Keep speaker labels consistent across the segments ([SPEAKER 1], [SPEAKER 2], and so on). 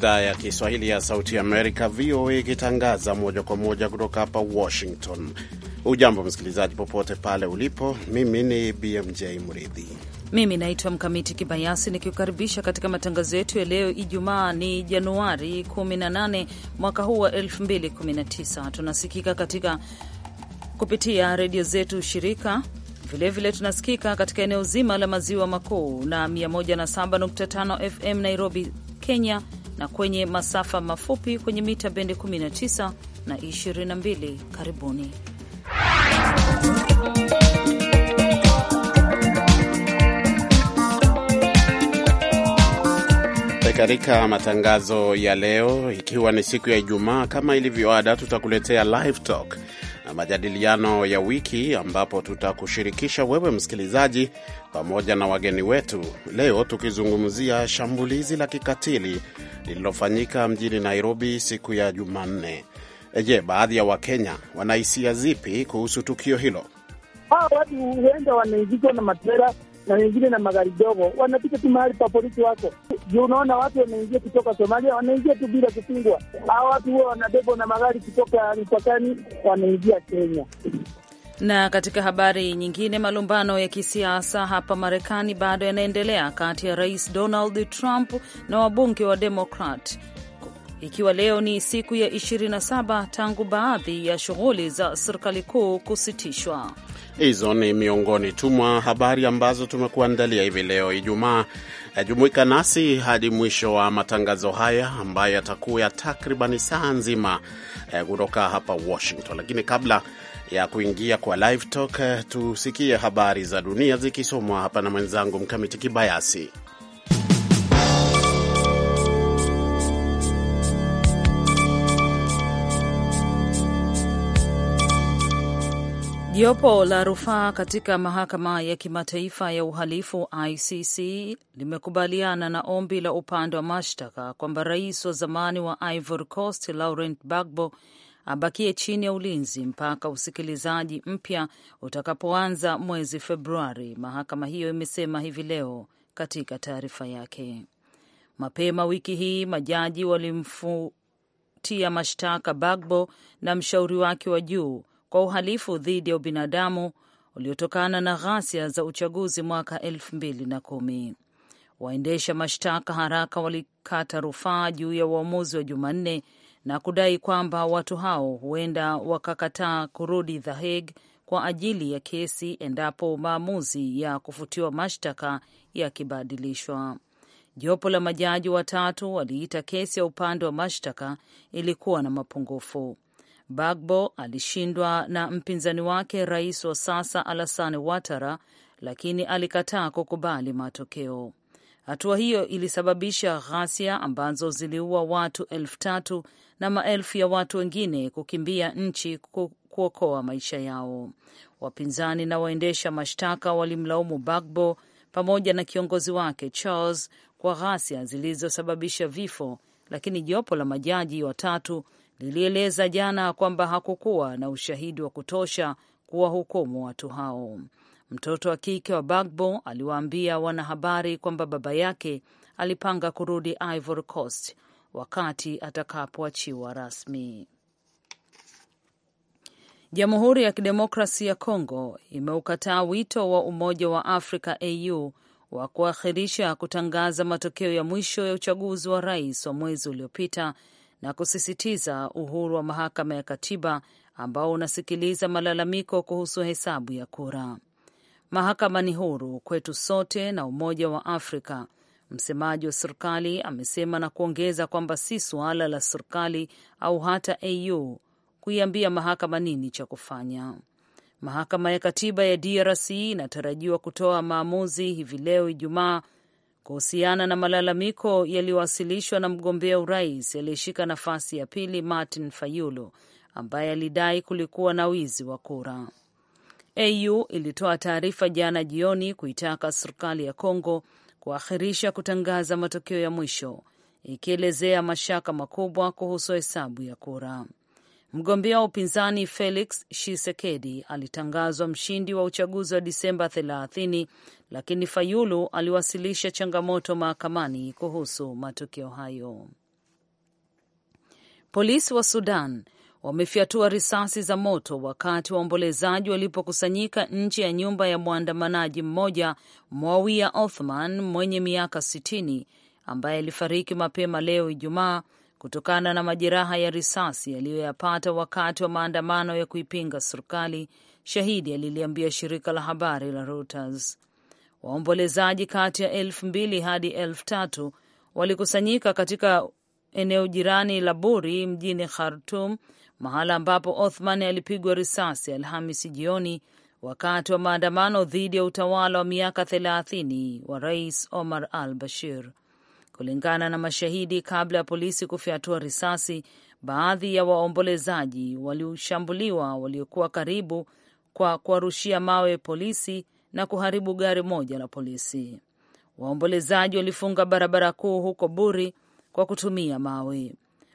[SPEAKER 1] idhaa ya Kiswahili ya Sauti Amerika, VOA, ikitangaza moja kwa moja kutoka hapa Washington. Ujambo msikilizaji, popote pale ulipo. Mimi ni BMJ Mridhi,
[SPEAKER 2] mimi naitwa Mkamiti Kibayasi nikiukaribisha katika matangazo yetu ya leo. Ijumaa ni Januari 18 mwaka huu wa 2019. Tunasikika katika kupitia redio zetu shirika vilevile vile tunasikika katika eneo zima la maziwa makuu na 107.5 FM Nairobi, Kenya na kwenye masafa mafupi kwenye mita bendi 19 na 22. Karibuni.
[SPEAKER 1] Katika matangazo ya leo, ikiwa ni siku ya Ijumaa, kama ilivyo ada, tutakuletea live talk majadiliano ya wiki ambapo tutakushirikisha wewe msikilizaji pamoja na wageni wetu leo tukizungumzia shambulizi la kikatili lililofanyika mjini Nairobi siku ya Jumanne. Je, baadhi ya Wakenya wanahisia zipi kuhusu tukio hilo?
[SPEAKER 3] Hawa watu huenda wanaingizwa na matera na wengine na magari dogo, wanapita tu mahali pa polisi wako juu. Unaona watu wanaingia kutoka Somalia, wanaingia tu bila kupingwa. Hawa watu huwa wanabebwa na magari kutoka mpakani wanaingia Kenya.
[SPEAKER 2] Na katika habari nyingine, malumbano ya kisiasa hapa Marekani bado yanaendelea kati ya Rais Donald Trump na wabunge wa Demokrat ikiwa leo ni siku ya 27 tangu baadhi ya shughuli za serikali kuu kusitishwa.
[SPEAKER 1] Hizo ni miongoni tu mwa habari ambazo tumekuandalia hivi leo Ijumaa. Jumuika nasi hadi mwisho wa matangazo haya ambayo yatakuwa ya takribani saa nzima eh, kutoka hapa Washington, lakini kabla ya kuingia kwa live talk, eh, tusikie habari za dunia zikisomwa hapa na mwenzangu Mkamiti Kibayasi.
[SPEAKER 2] Jopo la rufaa katika mahakama ya kimataifa ya uhalifu ICC limekubaliana na ombi la upande wa mashtaka kwamba rais wa zamani wa Ivory Coast Laurent Gbagbo abakie chini ya ulinzi mpaka usikilizaji mpya utakapoanza mwezi Februari, mahakama hiyo imesema hivi leo katika taarifa yake. Mapema wiki hii majaji walimfutia mashtaka Bagbo na mshauri wake wa juu kwa uhalifu dhidi ya ubinadamu uliotokana na ghasia za uchaguzi mwaka elfu mbili na kumi. Waendesha mashtaka haraka walikata rufaa juu ya uamuzi wa Jumanne na kudai kwamba watu hao huenda wakakataa kurudi The Hague kwa ajili ya kesi endapo maamuzi ya kufutiwa mashtaka yakibadilishwa. Jopo la majaji watatu waliita kesi ya upande wa mashtaka ilikuwa na mapungufu. Bagbo alishindwa na mpinzani wake rais wa sasa Alassane Ouattara, lakini alikataa kukubali matokeo. Hatua hiyo ilisababisha ghasia ambazo ziliua watu elfu tatu na maelfu ya watu wengine kukimbia nchi kuokoa maisha yao. Wapinzani na waendesha mashtaka walimlaumu Bagbo pamoja na kiongozi wake Charles kwa ghasia zilizosababisha vifo, lakini jopo la majaji watatu lilieleza jana kwamba hakukuwa na ushahidi wa kutosha kuwahukumu watu hao. Mtoto wa kike wa Bagbo aliwaambia wanahabari kwamba baba yake alipanga kurudi Ivory Coast wakati atakapoachiwa rasmi. Jamhuri ya Kidemokrasi ya Kongo imeukataa wito wa Umoja wa Afrika au wa kuakhirisha kutangaza matokeo ya mwisho ya uchaguzi wa rais wa mwezi uliopita na kusisitiza uhuru wa mahakama ya katiba ambao unasikiliza malalamiko kuhusu hesabu ya kura. Mahakama ni huru kwetu sote na Umoja wa Afrika, msemaji wa serikali amesema, na kuongeza kwamba si suala la serikali au hata AU kuiambia mahakama nini cha kufanya. Mahakama ya katiba ya DRC inatarajiwa kutoa maamuzi hivi leo Ijumaa kuhusiana na malalamiko yaliyowasilishwa na mgombea urais aliyeshika nafasi ya pili Martin Fayulu ambaye alidai kulikuwa na wizi wa kura. AU ilitoa taarifa jana jioni kuitaka serikali ya Kongo kuahirisha kutangaza matokeo ya mwisho ikielezea mashaka makubwa kuhusu hesabu ya kura. Mgombea wa upinzani Felix Tshisekedi alitangazwa mshindi wa uchaguzi wa Disemba 30, lakini Fayulu aliwasilisha changamoto mahakamani kuhusu matokeo hayo. Polisi wa Sudan wamefyatua risasi za moto wakati waombolezaji walipokusanyika nje ya nyumba ya mwandamanaji mmoja Mwawia Othman mwenye miaka 60 ambaye alifariki mapema leo Ijumaa kutokana na majeraha ya risasi yaliyoyapata wakati wa maandamano ya kuipinga serikali, shahidi aliliambia shirika la habari la Reuters. Waombolezaji kati ya elfu mbili hadi elfu tatu walikusanyika katika eneo jirani la Buri mjini Khartum, mahala ambapo Othman alipigwa risasi Alhamisi jioni wakati wa maandamano dhidi ya utawala wa miaka thelathini wa Rais Omar al Bashir. Kulingana na mashahidi, kabla ya polisi kufyatua risasi, baadhi ya waombolezaji walishambuliwa waliokuwa karibu kwa kuwarushia mawe polisi na kuharibu gari moja la polisi. Waombolezaji walifunga barabara kuu huko Buri kwa kutumia mawe.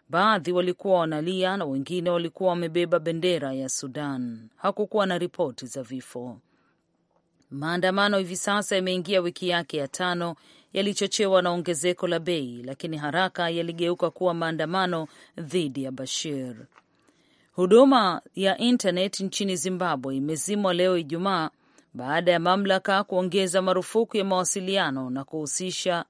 [SPEAKER 2] Baadhi walikuwa wanalia na wengine walikuwa wamebeba bendera ya Sudan. Hakukuwa na ripoti za vifo. Maandamano hivi sasa yameingia wiki yake ya tano yalichochewa na ongezeko la bei, lakini haraka yaligeuka kuwa maandamano dhidi ya Bashir. Huduma ya intanet nchini Zimbabwe imezimwa leo Ijumaa baada ya mamlaka kuongeza marufuku ya mawasiliano na kuhusisha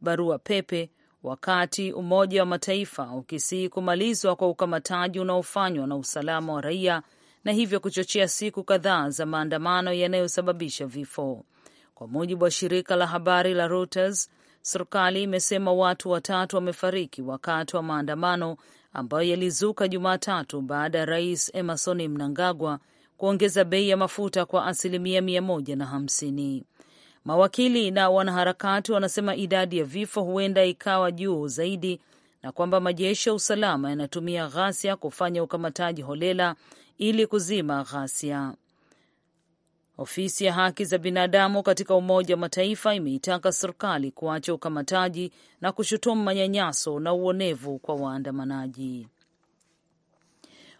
[SPEAKER 2] barua pepe, wakati Umoja wa Mataifa ukisihi kumalizwa kwa ukamataji unaofanywa na usalama wa raia na hivyo kuchochea siku kadhaa za maandamano yanayosababisha vifo. Kwa mujibu wa shirika la habari la Reuters, serikali imesema watu watatu wamefariki wakati wa maandamano ambayo yalizuka Jumatatu baada ya rais Emerson Mnangagwa kuongeza bei ya mafuta kwa asilimia mia moja na hamsini. Mawakili na wanaharakati wanasema idadi ya vifo huenda ikawa juu zaidi na kwamba majeshi ya usalama yanatumia ghasia kufanya ukamataji holela ili kuzima ghasia. Ofisi ya haki za binadamu katika Umoja wa Mataifa imeitaka serikali kuacha ukamataji na kushutumu manyanyaso na uonevu kwa waandamanaji.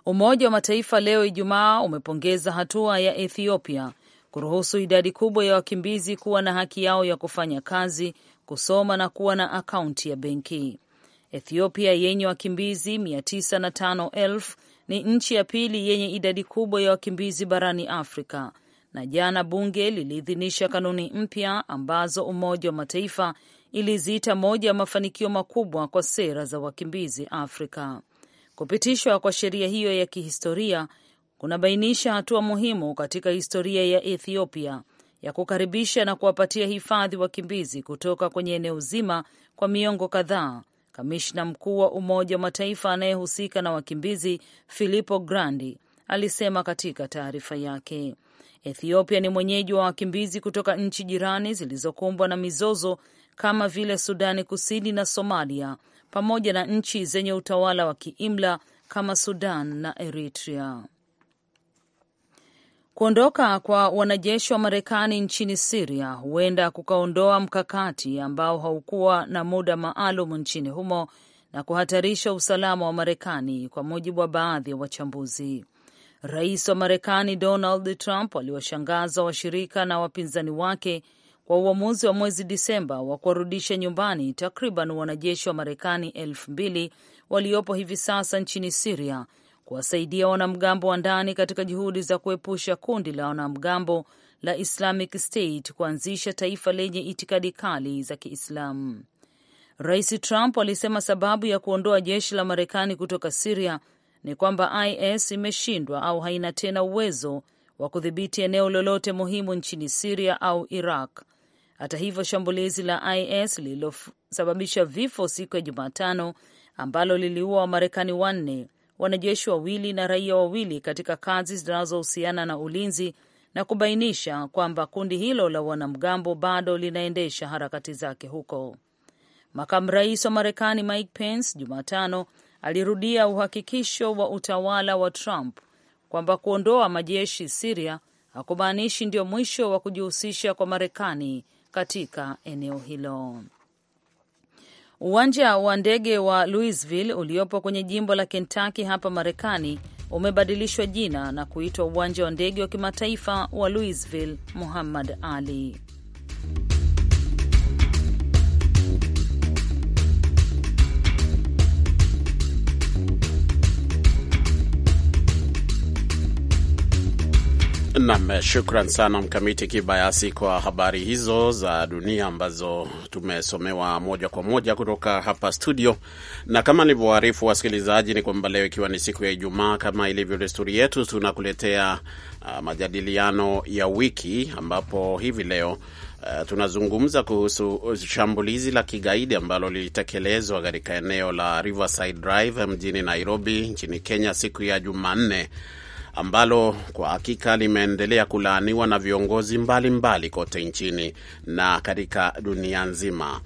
[SPEAKER 2] Umoja wa Mataifa leo Ijumaa umepongeza hatua ya Ethiopia kuruhusu idadi kubwa ya wakimbizi kuwa na haki yao ya kufanya kazi, kusoma na kuwa na akaunti ya benki. Ethiopia yenye wakimbizi 905,000 ni nchi ya pili yenye idadi kubwa ya wakimbizi barani Afrika na jana bunge liliidhinisha kanuni mpya ambazo Umoja wa Mataifa iliziita moja ya mafanikio makubwa kwa sera za wakimbizi Afrika. Kupitishwa kwa sheria hiyo ya kihistoria kunabainisha hatua muhimu katika historia ya Ethiopia ya kukaribisha na kuwapatia hifadhi wakimbizi kutoka kwenye eneo zima kwa miongo kadhaa. Kamishna mkuu wa Umoja wa Mataifa anayehusika na wakimbizi Filippo Grandi alisema katika taarifa yake. Ethiopia ni mwenyeji wa wakimbizi kutoka nchi jirani zilizokumbwa na mizozo kama vile Sudani Kusini na Somalia, pamoja na nchi zenye utawala wa kiimla kama Sudan na Eritrea. Kuondoka kwa wanajeshi wa Marekani nchini Siria huenda kukaondoa mkakati ambao haukuwa na muda maalum nchini humo na kuhatarisha usalama wa Marekani, kwa mujibu wa baadhi ya wa wachambuzi. Rais wa Marekani Donald Trump aliwashangaza washirika na wapinzani wake kwa uamuzi wa mwezi Disemba wa kuwarudisha nyumbani takriban wanajeshi wa Marekani elfu mbili waliopo hivi sasa nchini Siria kuwasaidia wanamgambo wa ndani katika juhudi za kuepusha kundi la wanamgambo la Islamic State kuanzisha taifa lenye itikadi kali za Kiislamu. Rais Trump alisema sababu ya kuondoa jeshi la Marekani kutoka Siria ni kwamba IS imeshindwa au haina tena uwezo wa kudhibiti eneo lolote muhimu nchini Siria au Iraq. Hata hivyo, shambulizi la IS lililosababisha vifo siku ya Jumatano ambalo liliua Wamarekani wanne, wanajeshi wawili na raia wawili katika kazi zinazohusiana na ulinzi na kubainisha kwamba kundi hilo la wanamgambo bado linaendesha harakati zake huko. Makamu rais wa Marekani Mike Pence Jumatano alirudia uhakikisho wa utawala wa Trump kwamba kuondoa majeshi Siria hakumaanishi ndio mwisho wa kujihusisha kwa Marekani katika eneo hilo. Uwanja wa ndege wa Louisville uliopo kwenye jimbo la Kentucky hapa Marekani umebadilishwa jina na kuitwa uwanja wa ndege wa kimataifa wa Louisville Muhammad Ali.
[SPEAKER 1] Nam, shukran sana Mkamiti Kibayasi kwa habari hizo za dunia ambazo tumesomewa moja kwa moja kutoka hapa studio. Na kama nilivyowaarifu wasikilizaji, ni kwamba leo ikiwa ni siku ya Ijumaa, kama ilivyo desturi yetu, tunakuletea uh, majadiliano ya wiki, ambapo hivi leo uh, tunazungumza kuhusu shambulizi la kigaidi ambalo lilitekelezwa katika eneo la Riverside Drive mjini Nairobi nchini Kenya siku ya Jumanne ambalo kwa hakika limeendelea kulaaniwa na viongozi mbalimbali mbali kote nchini na katika dunia nzima.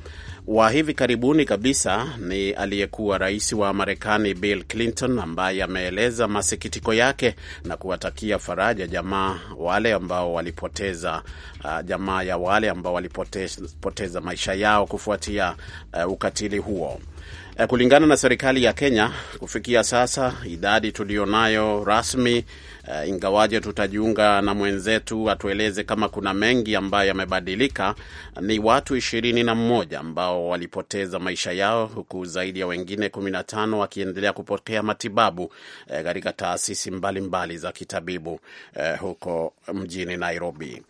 [SPEAKER 1] Wa hivi karibuni kabisa ni aliyekuwa rais wa Marekani Bill Clinton ambaye ameeleza masikitiko yake na kuwatakia faraja jamaa wale ambao walipoteza uh, jamaa ya wale ambao walipoteza maisha yao kufuatia uh, ukatili huo. Eh, kulingana na serikali ya Kenya, kufikia sasa idadi tuliyonayo rasmi uh, ingawaje tutajiunga na mwenzetu atueleze kama kuna mengi ambayo yamebadilika, ni watu ishirini na mmoja ambao walipoteza maisha yao, huku zaidi ya wengine kumi na tano wakiendelea kupokea matibabu eh, katika uh, taasisi mbalimbali mbali za kitabibu uh, huko mjini Nairobi.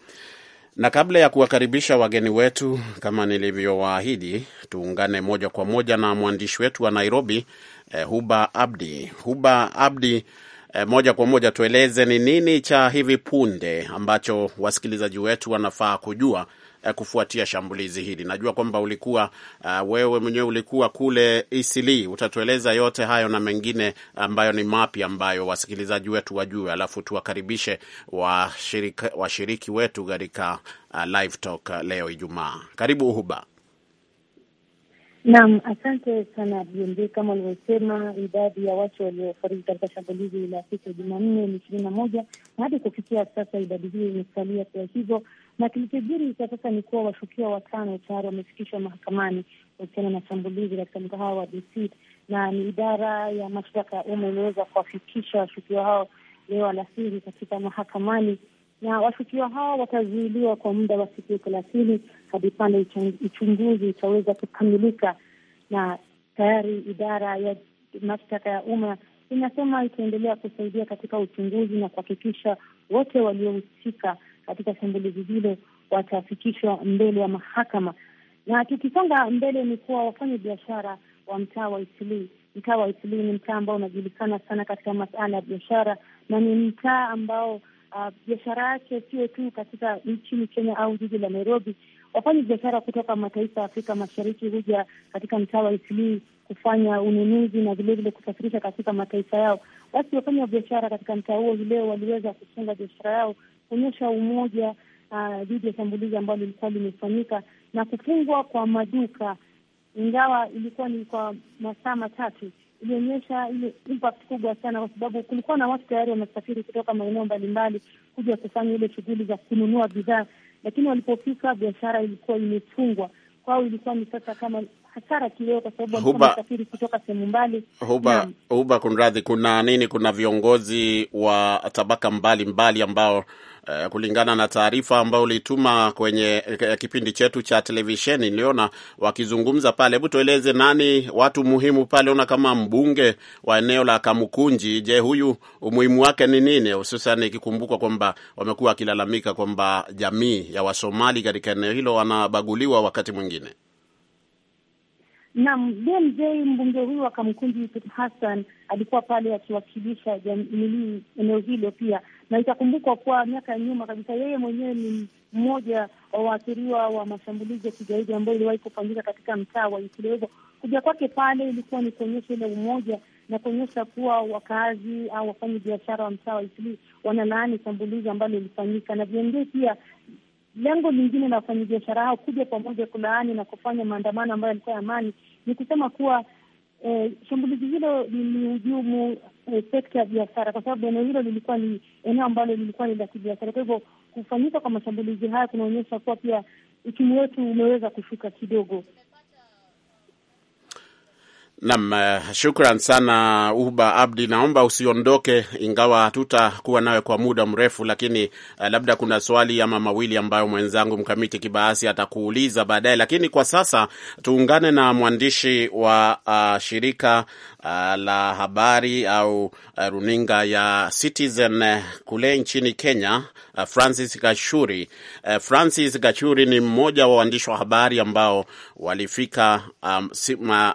[SPEAKER 1] Na kabla ya kuwakaribisha wageni wetu, kama nilivyowaahidi, tuungane moja kwa moja na mwandishi wetu wa Nairobi eh, Huba Abdi. Huba Abdi, eh, moja kwa moja tueleze ni nini cha hivi punde ambacho wasikilizaji wetu wanafaa kujua Eh, kufuatia shambulizi hili. Najua kwamba ulikuwa uh, wewe mwenyewe ulikuwa kule Isili. Utatueleza yote hayo na mengine ambayo ni mapya ambayo wasikilizaji wetu wajue, alafu tuwakaribishe washiriki wa wetu katika uh, live talk leo Ijumaa. Karibu Uhuba.
[SPEAKER 4] Naam, asante sana BMJ. Kama ulivyosema, idadi ya watu waliofariki katika shambulizi la siku ya Jumanne ni ishirini na moja na hadi kufikia sasa idadi hiyo imesalia Kwa hivyo, na kilichojiri cha sasa ni kuwa washukiwa watano tayari wamefikishwa mahakamani kuhusiana na shambulizi katika mgahawa wa DC, na ni idara ya mashtaka ya umma imeweza kuwafikisha washukiwa hao leo alasiri katika mahakamani, na washukiwa hao watazuiliwa kwa muda wa siku thelathini hadi pale uchunguzi utaweza kukamilika. Na tayari idara ya mashtaka ya umma inasema itaendelea kusaidia katika uchunguzi na kuhakikisha wote waliohusika katika shambulizi hilo watafikishwa mbele ya mahakama. Na tukisonga mbele, ni kuwa wafanya biashara wa mtaa wa Itilii. Mtaa wa Itilii ni mtaa ambao unajulikana sana katika masala ya biashara na ni mtaa ambao uh, biashara yake sio tu katika nchini Kenya au jiji la Nairobi. Wafanya biashara kutoka mataifa ya Afrika Mashariki huja katika mtaa wa Itilii kufanya ununuzi na vilevile kusafirisha katika mataifa yao. Basi wafanya biashara katika mtaa huo hileo waliweza kufunga biashara yao kuonyesha umoja uh, dhidi uh, ya shambulizi ambalo lilikuwa limefanyika na kufungwa kwa maduka, ingawa ilikuwa ni kwa masaa matatu, ilionyesha ile impact kubwa sana, kwa sababu kulikuwa na watu tayari wamesafiri kutoka maeneo mbalimbali kuja kufanya ile shughuli za kununua bidhaa, lakini walipofika biashara ilikuwa imefungwa kwao. Ilikuwa ni sasa kama hasara kileo, kwa sababu walikuwa wanasafiri kutoka sehemu mbali.
[SPEAKER 1] Huba, huba, kunradhi, kuna nini? Kuna viongozi wa tabaka mbalimbali mbali ambao Uh, kulingana na taarifa ambayo ulituma kwenye uh, kipindi chetu cha televisheni niliona wakizungumza pale. Hebu tueleze nani watu muhimu pale, ona kama mbunge wa eneo la Kamukunji. Je, huyu umuhimu wake ni nini, hususan ikikumbukwa kwamba wamekuwa wakilalamika kwamba jamii ya Wasomali katika eneo hilo wanabaguliwa wakati mwingine
[SPEAKER 4] Naam, BMJ, mbunge huyu wa Kamkunji Yusuf Hassan alikuwa pale akiwakilisha jamii eneo hilo pia, na itakumbukwa kuwa miaka ya nyuma kabisa, yeye mwenyewe ni mmoja wa waathiriwa wa mashambulizi ya kigaidi ambayo iliwahi kufanyika katika mtaa wa Ikilezo. Kuja kwake pale ilikuwa ni kuonyesha ile umoja na kuonyesha kuwa wakaazi au wafanya biashara wa mtaa wa Isli wanalaani shambulizi ambalo lilifanyika na viongozi pia. Lengo lingine la wafanyabiashara hao kuja pamoja kulaani na kufanya maandamano ambayo yalikuwa ya amani ni kusema kuwa eh, shambulizi hilo lilihujumu eh, sekta ya biashara, kwa sababu eneo hilo lilikuwa ni eneo ambalo lilikuwa ni la kibiashara. Kwa hivyo kufanyika kwa mashambulizi haya kunaonyesha kuwa pia uchumi wetu umeweza kushuka kidogo.
[SPEAKER 1] Nam, eh, shukran sana Uba Abdi. Naomba usiondoke, ingawa hatutakuwa nawe kwa muda mrefu, lakini uh, labda kuna swali ama mawili ambayo mwenzangu Mkamiti Kibayasi atakuuliza baadaye, lakini kwa sasa tuungane na mwandishi wa uh, shirika uh, la habari au uh, runinga ya Citizen kule nchini Kenya Uh, Francis Gachuri. Uh, Francis Gachuri ni mmoja wa waandishi wa habari ambao walifika um,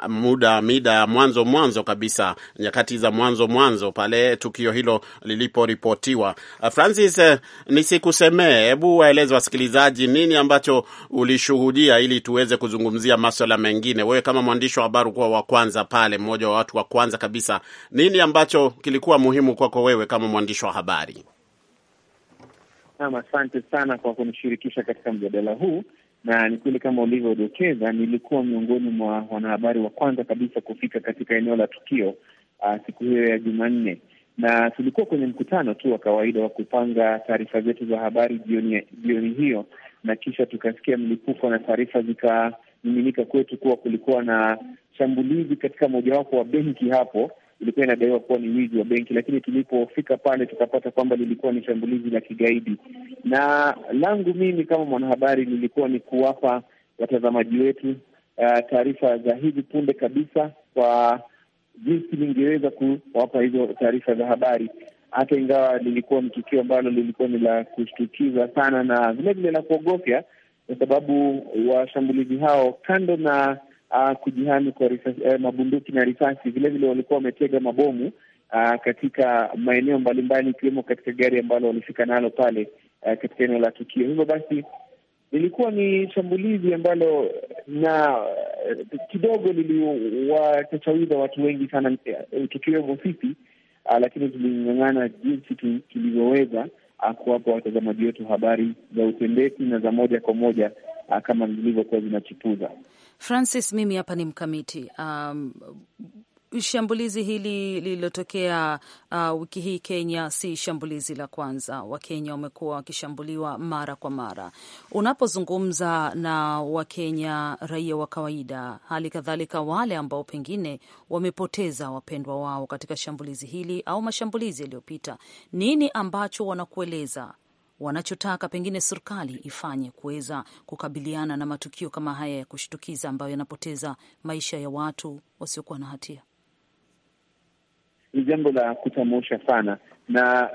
[SPEAKER 1] muda mida ya mwanzo mwanzo kabisa, nyakati za mwanzo mwanzo pale tukio hilo liliporipotiwa. Uh, Francis, nisikusemee, hebu waeleze wasikilizaji nini ambacho ulishuhudia ili tuweze kuzungumzia maswala mengine. Wewe kama mwandishi wa habari kuwa wa kwanza pale, mmoja wa watu wa kwanza kabisa, nini ambacho kilikuwa muhimu kwako kwa wewe kama mwandishi wa habari?
[SPEAKER 5] Naam, asante sana kwa kunishirikisha katika mjadala huu, na ni kweli kama ulivyodokeza, nilikuwa miongoni mwa wanahabari wa kwanza kabisa kufika katika eneo la tukio uh, siku hiyo ya Jumanne, na tulikuwa kwenye mkutano tu wa kawaida wa kupanga taarifa zetu za habari jioni, jioni hiyo, na kisha tukasikia mlipuko na taarifa zikamiminika kwetu kuwa kulikuwa na shambulizi katika mojawapo wa benki hapo ilikuwa inadaiwa kuwa ni wizi wa benki, lakini tulipofika pale tukapata kwamba lilikuwa ni shambulizi la kigaidi. Na langu mimi kama mwanahabari lilikuwa ni kuwapa watazamaji wetu uh, taarifa za hivi punde kabisa kwa jinsi ningeweza kuwapa hizo taarifa za habari, hata ingawa lilikuwa ni tukio ambalo lilikuwa ni la kushtukiza sana na vilevile la kuogofya, kwa sababu washambulizi hao kando na uh, kujihami kwa risasi, eh, mabunduki na risasi. Vilevile walikuwa wametega mabomu uh, katika maeneo mbalimbali ikiwemo katika gari ambalo walifika nalo pale uh, katika eneo la tukio. Hivyo basi lilikuwa ni shambulizi ambalo na eh, kidogo liliwatachawiza watu wengi sana, eh, tukiwemo sisi uh, lakini tuling'ang'ana jinsi tulivyoweza kuwapa watazamaji wetu habari za utendeti na za moja kwa moja kama zilivyokuwa zinachipuza.
[SPEAKER 2] Francis, mimi hapa ni mkamiti um, Shambulizi hili lililotokea uh, wiki hii Kenya si shambulizi la kwanza. Wakenya wamekuwa wakishambuliwa mara kwa mara. Unapozungumza na Wakenya raia wa kawaida, hali kadhalika wale ambao pengine wamepoteza wapendwa wao katika shambulizi hili au mashambulizi yaliyopita, nini ambacho wanakueleza wanachotaka pengine serikali ifanye kuweza kukabiliana na matukio kama haya ya kushtukiza ambayo yanapoteza maisha ya watu wasiokuwa na hatia?
[SPEAKER 5] Ni jambo la kutamusha sana, na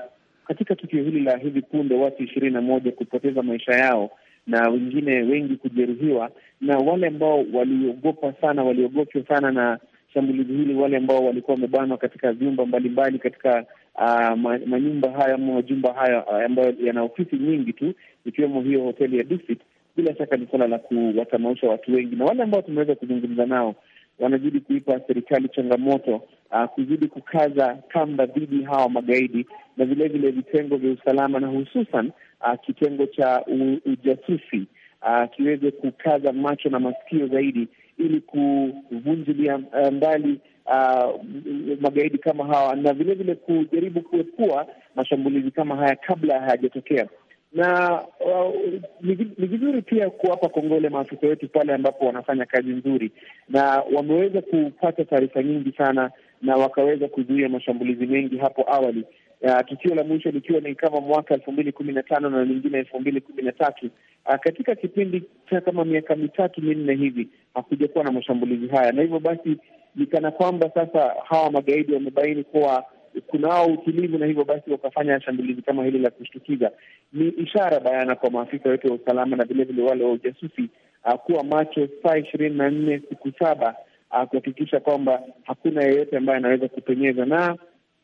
[SPEAKER 5] katika tukio hili la hivi punde watu ishirini na moja kupoteza maisha yao na wengine wengi kujeruhiwa, na wale ambao waliogopa sana, waliogopwa sana na shambulizi hili, wale ambao walikuwa wamebanwa katika vyumba mbalimbali katika Ah, manyumba haya ama majumba haya ah, ambayo yana ofisi nyingi tu, ikiwemo hiyo hoteli ya Dusit, bila shaka ni suala la kuwatamausha watu wengi, na wale ambao tumeweza kuzungumza nao wanazidi kuipa serikali changamoto uh, kuzidi kukaza kamba dhidi hawa magaidi na vilevile vitengo vya usalama na hususan uh, kitengo cha u, ujasusi uh, kiweze kukaza macho na masikio zaidi ili kuvunjilia mbali uh, magaidi kama hawa na vilevile kujaribu kuepua mashambulizi kama haya kabla hayajatokea na uh, ni vizuri pia kuwapa kongole maafisa wetu pale ambapo wanafanya kazi nzuri, na wameweza kupata taarifa nyingi sana na wakaweza kuzuia mashambulizi mengi hapo awali, uh, tukio la mwisho likiwa ni kama mwaka elfu mbili kumi na tano na lingine elfu mbili kumi na tatu. Uh, katika kipindi cha kama miaka mitatu minne hivi hakujakuwa na mashambulizi haya, na hivyo basi ni kana kwamba sasa hawa magaidi wamebaini kuwa kunao utulivu na hivyo basi wakafanya shambulizi kama hili la kushtukiza. Ni ishara bayana kwa maafisa wetu wa usalama na vilevile wale wa ujasusi ah, kuwa macho saa ishirini na nne siku saba ah, kuhakikisha kwamba hakuna yeyote ambaye anaweza kupenyeza, na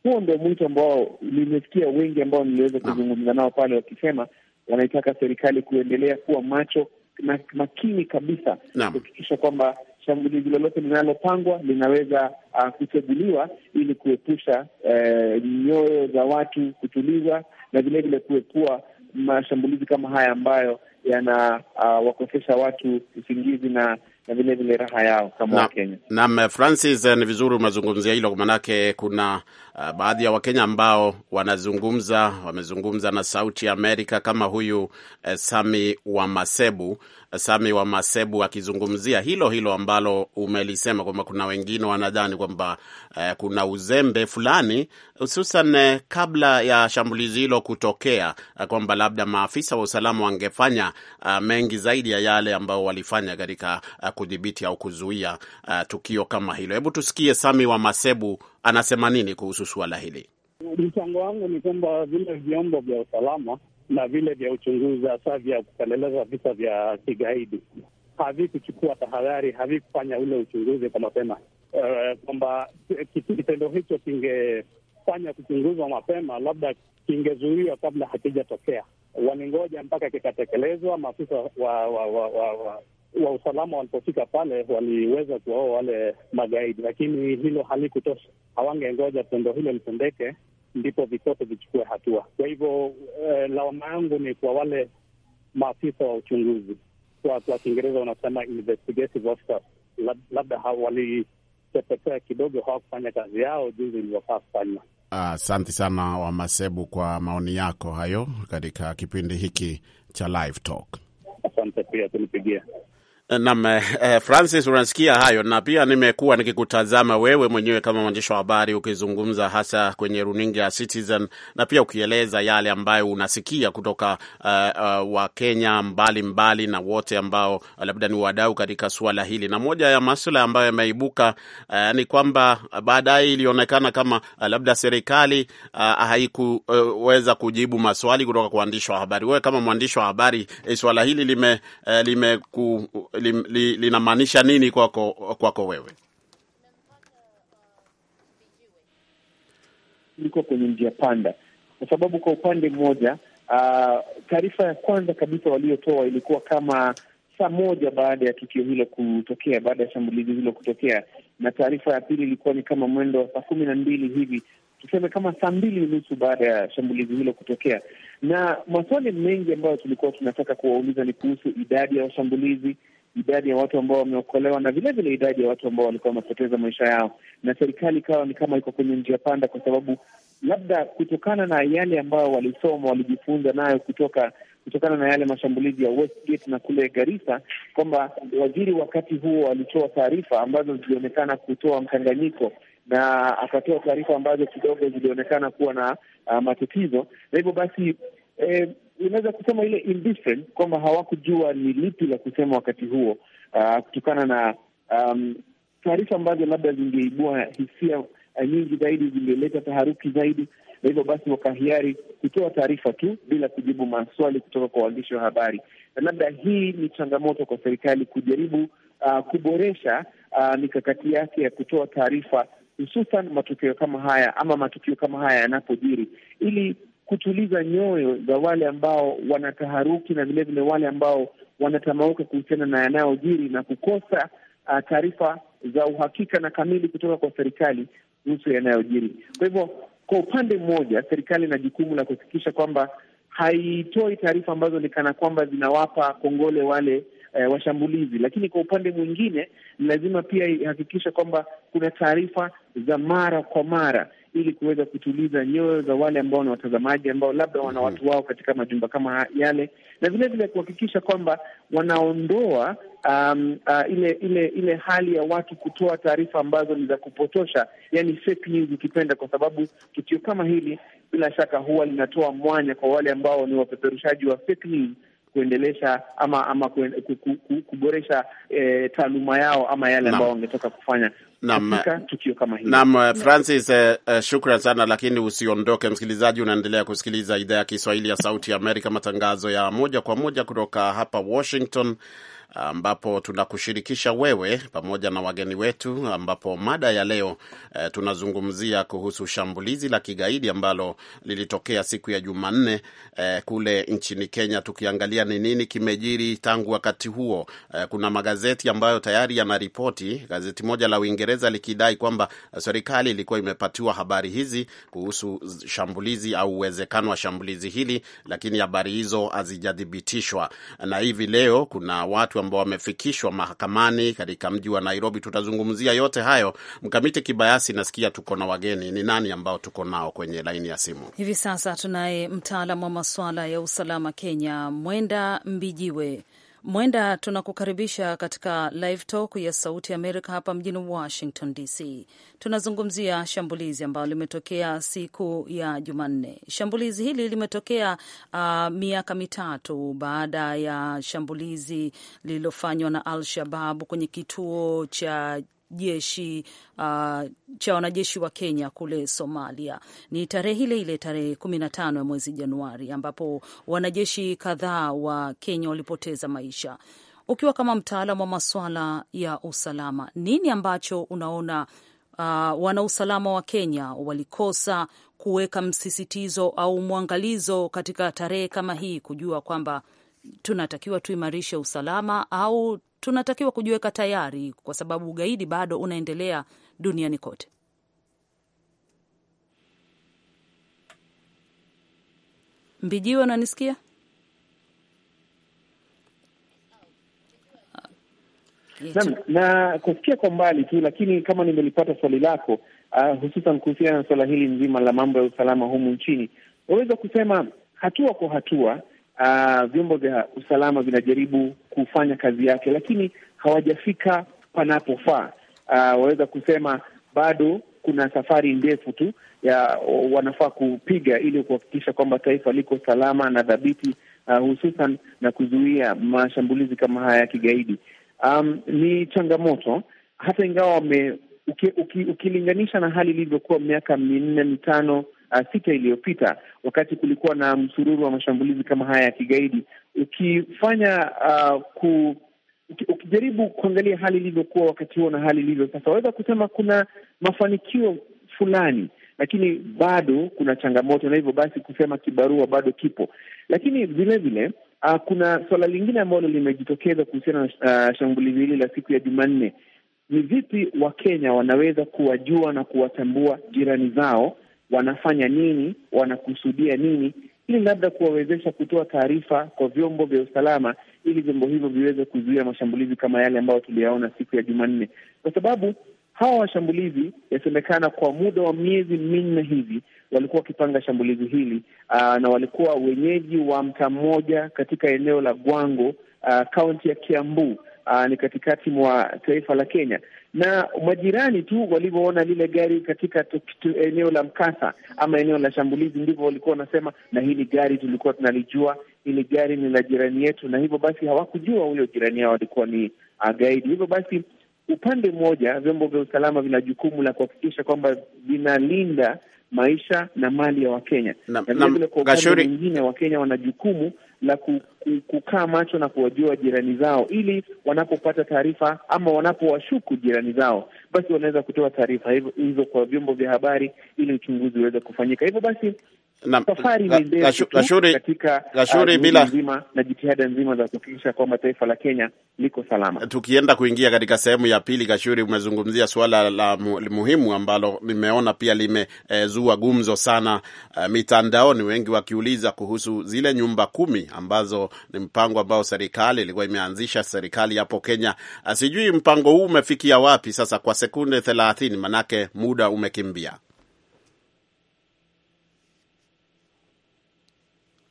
[SPEAKER 5] huo ndio mwito ambao nimesikia wengi ambao niliweza kuzungumza nao pale wakisema wanaitaka serikali kuendelea kuwa macho na makini kabisa kuhakikisha kwamba shambulizi lolote linalopangwa linaweza uh, ah, kucheguliwa ili kuepusha uh, nyoyo za watu kutuliza na vilevile kuepua mashambulizi kama haya ambayo yanawakosesha ah, uh, watu usingizi na na vile vile raha yao kama
[SPEAKER 1] Wakenya. Naam, Francis, eh, ni vizuri umezungumzia hilo, maanake kuna uh, baadhi ya Wakenya ambao wanazungumza wamezungumza na Sauti ya Amerika kama huyu uh, Sami wa Masebu Sami wa Masebu akizungumzia hilo hilo ambalo umelisema kwamba kuna wengine wanadhani kwamba eh, kuna uzembe fulani hususan eh, kabla ya shambulizi hilo kutokea eh, kwamba labda maafisa wa usalama wangefanya eh, mengi zaidi ya yale ambao walifanya katika eh, kudhibiti au kuzuia eh, tukio kama hilo. Hebu tusikie Sami wa Masebu anasema nini kuhusu suala hili.
[SPEAKER 5] Mchango wangu ni kwamba vile vyombo vya usalama na vile vya uchunguzi hasa vya kupeleleza visa vya kigaidi havikuchukua tahadhari, havikufanya ule uchunguzi kwa mapema uh, kwamba kitendo hicho kingefanya kuchunguzwa mapema, labda kingezuiwa kabla hakijatokea. Walingoja mpaka kikatekelezwa. Maafisa wa, wa, wa, wa, wa wa usalama walipofika pale waliweza kuwaoa wale magaidi, lakini hilo halikutosha. Hawangengoja tendo hilo litendeke ndipo vikosi vichukue hatua. Kwa hivyo eh, lawama yangu ni kwa wale maafisa wa uchunguzi, kwa kwa Kiingereza wanasema investigative officers, labda walitepekea kidogo, hawakufanya kazi yao jinsi ilivyofaa kufanywa.
[SPEAKER 1] Asante ah, sana Wamasebu kwa maoni yako hayo katika kipindi hiki cha Live Talk. Asante pia kunipigia. Naam, eh, eh, Francis, unasikia hayo, na pia nimekuwa nikikutazama wewe mwenyewe kama mwandishi wa habari ukizungumza hasa kwenye runinga ya Citizen na pia ukieleza yale ambayo unasikia kutoka uh, eh, uh, eh, Wakenya mbalimbali na wote ambao labda ni wadau katika suala hili, na moja ya maswala ambayo yameibuka uh, ni kwamba baadaye ilionekana kama uh, labda serikali uh, haikuweza uh, kujibu maswali kutoka kwa waandishi wa habari. Wewe kama mwandishi wa habari, eh, suala hili lime, uh, lime ku, linamaanisha li, nini kwako kwako wewe?
[SPEAKER 5] Liko kwenye njia panda, kwa sababu kwa upande mmoja uh, taarifa ya kwanza kabisa waliotoa ilikuwa kama saa moja baada ya tukio hilo kutokea, baada ya shambulizi hilo kutokea, na taarifa ya pili ilikuwa ni kama mwendo wa saa kumi na mbili hivi, tuseme kama saa mbili nusu baada ya shambulizi hilo kutokea. Na maswali mengi ambayo tulikuwa tunataka kuwauliza ni kuhusu idadi ya washambulizi, idadi ya watu ambao wameokolewa na vilevile idadi ya watu ambao walikuwa wamepoteza maisha yao, na serikali ikawa ni kama iko kwenye njia panda, kwa sababu labda kutokana na yale ambayo walisoma walijifunza nayo kutoka kutokana na yale mashambulizi ya Westgate na kule Garissa, kwamba waziri wakati huo alitoa taarifa ambazo zilionekana kutoa mkanganyiko na akatoa taarifa ambazo kidogo zilionekana kuwa na uh, matatizo, na hivyo basi eh, inaweza kusema ile indifferent kwamba hawakujua ni lipi la kusema wakati huo, uh, kutokana na um, taarifa ambazo labda zingeibua hisia nyingi zaidi, zingeleta taharuki zaidi, na hivyo basi wakahiari kutoa taarifa tu bila kujibu maswali kutoka kwa waandishi wa habari. Na labda hii ni changamoto kwa serikali kujaribu uh, kuboresha uh, mikakati yake ya kutoa taarifa, hususan matukio kama haya ama matukio kama haya yanapojiri, ili kutuliza nyoyo za wale ambao wanataharuki na vilevile wale ambao wanatamauka kuhusiana na yanayojiri na kukosa uh, taarifa za uhakika na kamili kutoka kwa serikali kuhusu yanayojiri. Kwa hivyo, kwa upande mmoja, serikali ina jukumu la kuhakikisha kwamba haitoi taarifa ambazo ni kana kwamba zinawapa kongole wale E, washambulizi. Lakini kwa upande mwingine, ni lazima pia ihakikisha kwamba kuna taarifa za mara kwa mara ili kuweza kutuliza nyoyo za wale ambao ni watazamaji ambao labda wana mhm. watu wao katika majumba kama yale, na vilevile kuhakikisha kwamba wanaondoa um, uh, ile ile ile hali ya watu kutoa taarifa ambazo ni za kupotosha, yani fake news ukipenda, kwa sababu tukio kama hili bila shaka huwa linatoa mwanya kwa wale ambao ni wapeperushaji wa fake news kuendelesha ama ama kuboresha eh, taaluma yao ama yale ambao wangetoka kufanya
[SPEAKER 1] Naam, eh, Francis, eh, eh, shukran sana, lakini usiondoke msikilizaji, unaendelea kusikiliza idhaa ya Kiswahili ya Sauti ya Amerika, matangazo ya moja kwa moja kutoka hapa Washington ambapo tunakushirikisha wewe pamoja na wageni wetu, ambapo mada ya leo eh, tunazungumzia kuhusu shambulizi la kigaidi ambalo lilitokea siku ya Jumanne eh, kule nchini Kenya, tukiangalia ni nini kimejiri tangu wakati huo. Eh, kuna magazeti ambayo tayari yanaripoti, gazeti moja la Uingereza likidai kwamba serikali ilikuwa imepatiwa habari hizi kuhusu shambulizi au uwezekano wa shambulizi hili, lakini habari hizo hazijathibitishwa, na hivi leo kuna watu ambao wamefikishwa mahakamani katika mji wa Nairobi. Tutazungumzia yote hayo. Mkamiti Kibayasi, nasikia tuko na wageni, ni nani ambao tuko nao kwenye laini ya simu
[SPEAKER 2] hivi sasa? Tunaye mtaalamu wa masuala ya usalama Kenya, Mwenda Mbijiwe. Mwenda, tunakukaribisha katika live talk ya Sauti ya Amerika hapa mjini Washington DC. Tunazungumzia shambulizi ambalo limetokea siku ya Jumanne. Shambulizi hili limetokea uh, miaka mitatu baada ya shambulizi lililofanywa na Al shababu kwenye kituo cha jeshi uh, cha wanajeshi wa Kenya kule Somalia ni tarehe ile ile, tarehe kumi na tano ya mwezi Januari, ambapo wanajeshi kadhaa wa Kenya walipoteza maisha. Ukiwa kama mtaalam wa maswala ya usalama, nini ambacho unaona uh, wanausalama wa Kenya walikosa kuweka msisitizo au mwangalizo katika tarehe kama hii, kujua kwamba tunatakiwa tuimarishe usalama au tunatakiwa kujiweka tayari, kwa sababu ugaidi bado unaendelea duniani kote. Mbijiwe, unanisikia? Na, na kusikia kwa mbali tu,
[SPEAKER 5] lakini kama nimelipata swali lako uh, hususan kuhusiana na swala hili nzima la mambo ya usalama humu nchini, waweza kusema hatua kwa hatua uh, vyombo vya usalama vinajaribu kufanya kazi yake, lakini hawajafika panapofaa. Uh, waweza kusema bado kuna safari ndefu tu ya wanafaa kupiga ili kuhakikisha kwamba taifa liko salama na dhabiti, uh, ah, hususan na kuzuia mashambulizi kama haya ya kigaidi. Um, ni changamoto hata ingawa wame ukilinganisha uki, uki na hali ilivyokuwa miaka minne mitano uh, sita iliyopita, wakati kulikuwa na msururu wa mashambulizi kama haya ya kigaidi. Ukifanya uh, ku ukijaribu kuangalia hali ilivyokuwa wakati huo na hali ilivyo sasa, waweza kusema kuna mafanikio fulani, lakini bado kuna changamoto, na hivyo basi kusema kibarua bado kipo. Lakini vilevile uh, kuna suala lingine ambalo limejitokeza kuhusiana na uh, shambulizi hili la siku ya Jumanne. Ni vipi Wakenya wanaweza kuwajua na kuwatambua jirani zao wanafanya nini, wanakusudia nini, ili labda kuwawezesha kutoa taarifa kwa vyombo vya usalama, ili vyombo hivyo viweze kuzuia mashambulizi kama yale ambayo tuliyaona siku ya Jumanne, kwa sababu hawa washambulizi yasemekana kwa muda wa miezi minne hivi walikuwa wakipanga shambulizi hili aa, na walikuwa wenyeji wa mtaa mmoja katika eneo la Gwango, kaunti ya Kiambu uh, ni katikati mwa taifa la Kenya, na majirani tu walivyoona lile gari katika eneo la mkasa ama eneo la shambulizi, ndivyo walikuwa wanasema, na hili gari tulikuwa tunalijua, hili gari ni la jirani yetu, na hivyo basi hawakujua huyo jirani yao alikuwa ni uh, gaidi. Hivyo basi upande mmoja, vyombo vya usalama vina jukumu la kuhakikisha kwamba vinalinda maisha na mali ya Wakenya, na vilevile kwa upande mwingine, Wakenya wana jukumu la kukaa macho na kuwajua jirani zao, ili wanapopata taarifa ama wanapowashuku jirani zao, basi wanaweza kutoa taarifa hizo kwa vyombo vya habari, ili uchunguzi uweze kufanyika. Hivyo basi
[SPEAKER 1] safari bila nzima
[SPEAKER 5] na jitihada nzima za kuhakikisha kwamba taifa la Kenya liko
[SPEAKER 1] salama. Tukienda kuingia katika sehemu ya pili, Kashuri, umezungumzia suala la muhimu ambalo nimeona pia limezua e, gumzo sana e, mitandaoni, wengi wakiuliza kuhusu zile nyumba kumi ambazo ni mpango ambao serikali ilikuwa imeanzisha, serikali hapo Kenya. Uh, sijui mpango huu umefikia wapi sasa, kwa sekunde thelathini, manake muda umekimbia.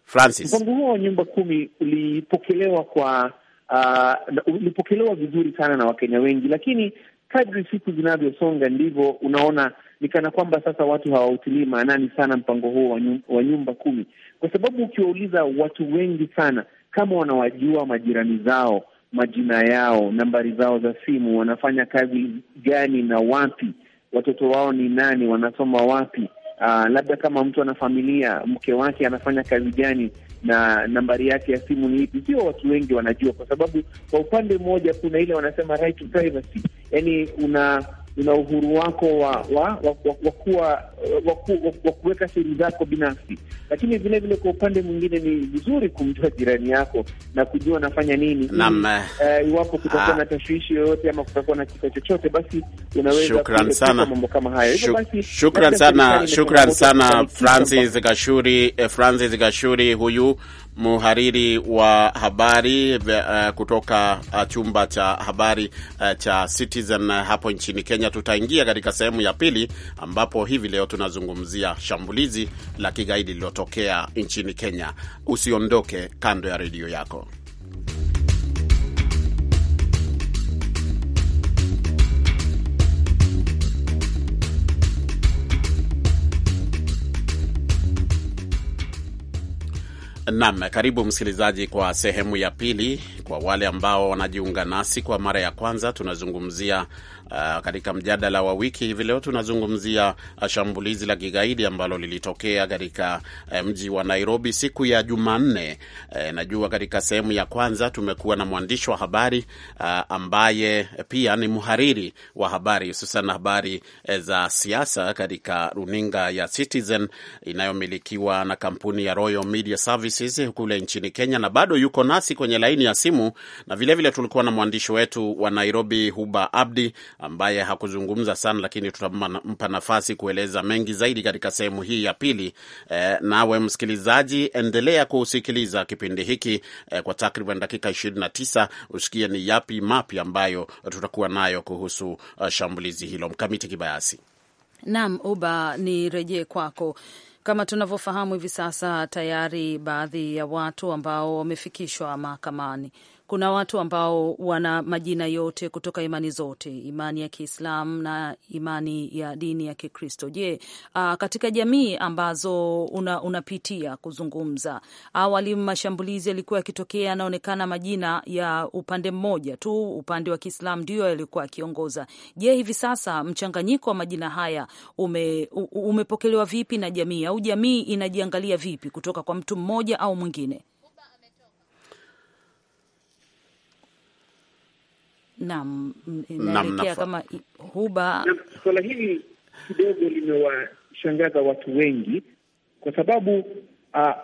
[SPEAKER 1] Francis, mpango
[SPEAKER 5] huo wa nyumba kumi ulipokelewa kwa uh, ulipokelewa vizuri sana na Wakenya wengi, lakini kadri siku zinavyosonga ndivyo unaona ni kana kwamba sasa watu hawautilii maanani sana mpango huo wa nyumba kumi, kwa sababu ukiwauliza watu wengi sana kama wanawajua majirani zao, majina yao, nambari zao za simu, wanafanya kazi gani na wapi, watoto wao ni nani, wanasoma wapi, Uh, labda kama mtu ana familia, mke wake anafanya kazi gani na nambari yake ya simu ni ipi? Sio watu wengi wanajua, kwa sababu kwa upande mmoja kuna ile wanasema right to privacy, yani una una uhuru wako wa wa kuweka siri zako binafsi, lakini vilevile kwa upande mwingine ni vizuri kumjua jirani yako na kujua anafanya nini. Eh, iwapo uh, kutakuwa ah. na tashwishi yoyote ama kutakuwa na kisa chochote, basi unaweza mambo kama hayo. Hivyo basi, shukran sana,
[SPEAKER 1] shukran sana Francis Gashuri, eh, Francis Gashuri huyu mhariri wa habari uh, kutoka uh, chumba cha habari uh, cha Citizen uh, hapo nchini Kenya. Tutaingia katika sehemu ya pili ambapo hivi leo tunazungumzia shambulizi la kigaidi lililotokea nchini Kenya. Usiondoke kando ya redio yako. Nam, karibu msikilizaji kwa sehemu ya pili. Kwa wale ambao wanajiunga nasi kwa mara ya kwanza, tunazungumzia uh, katika mjadala wa wiki hivi leo tunazungumzia uh, shambulizi la kigaidi ambalo lilitokea katika uh, mji wa Nairobi siku ya Jumanne. Uh, najua katika sehemu ya kwanza tumekuwa na mwandishi wa habari uh, ambaye pia ni mhariri wa habari hususan habari uh, za siasa katika runinga ya Citizen inayomilikiwa na kampuni ya Royal Media Service Masisi kule nchini Kenya, na bado yuko nasi kwenye laini ya simu, na vilevile vile tulikuwa na mwandishi wetu wa Nairobi Huba Abdi ambaye hakuzungumza sana, lakini tutampa nafasi kueleza mengi zaidi katika sehemu hii ya pili. E, nawe msikilizaji, endelea kusikiliza kipindi hiki e, kwa takriban dakika 29 usikie ni yapi mapya ambayo tutakuwa nayo kuhusu uh, shambulizi hilo. Mkamiti Kibayasi.
[SPEAKER 2] Naam, Uba, ni rejee kwako. Kama tunavyofahamu hivi sasa, tayari baadhi ya watu ambao wamefikishwa mahakamani kuna watu ambao wana majina yote kutoka imani zote, imani ya Kiislamu na imani ya dini ya Kikristo. Je, uh, katika jamii ambazo una, unapitia kuzungumza, awali ah, mashambulizi yalikuwa yakitokea, yanaonekana majina ya upande mmoja tu, upande wa Kiislamu ndio yalikuwa akiongoza. Je, hivi sasa mchanganyiko wa majina haya ume, umepokelewa vipi na jamii au jamii inajiangalia vipi kutoka kwa mtu mmoja au mwingine? Mm, Naam, inaelekea kama huba.
[SPEAKER 5] Swala hili kidogo limewashangaza watu wengi kwa sababu uh,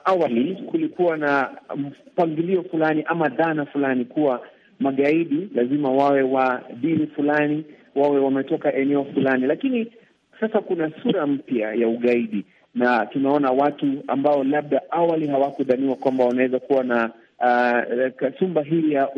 [SPEAKER 5] awali kulikuwa na mpangilio fulani ama dhana fulani kuwa magaidi lazima wawe wa dini fulani, wawe wametoka eneo fulani, lakini sasa kuna sura mpya ya ugaidi na tunaona watu ambao labda awali hawakudhaniwa kwamba wanaweza kuwa na uh, kasumba hii ya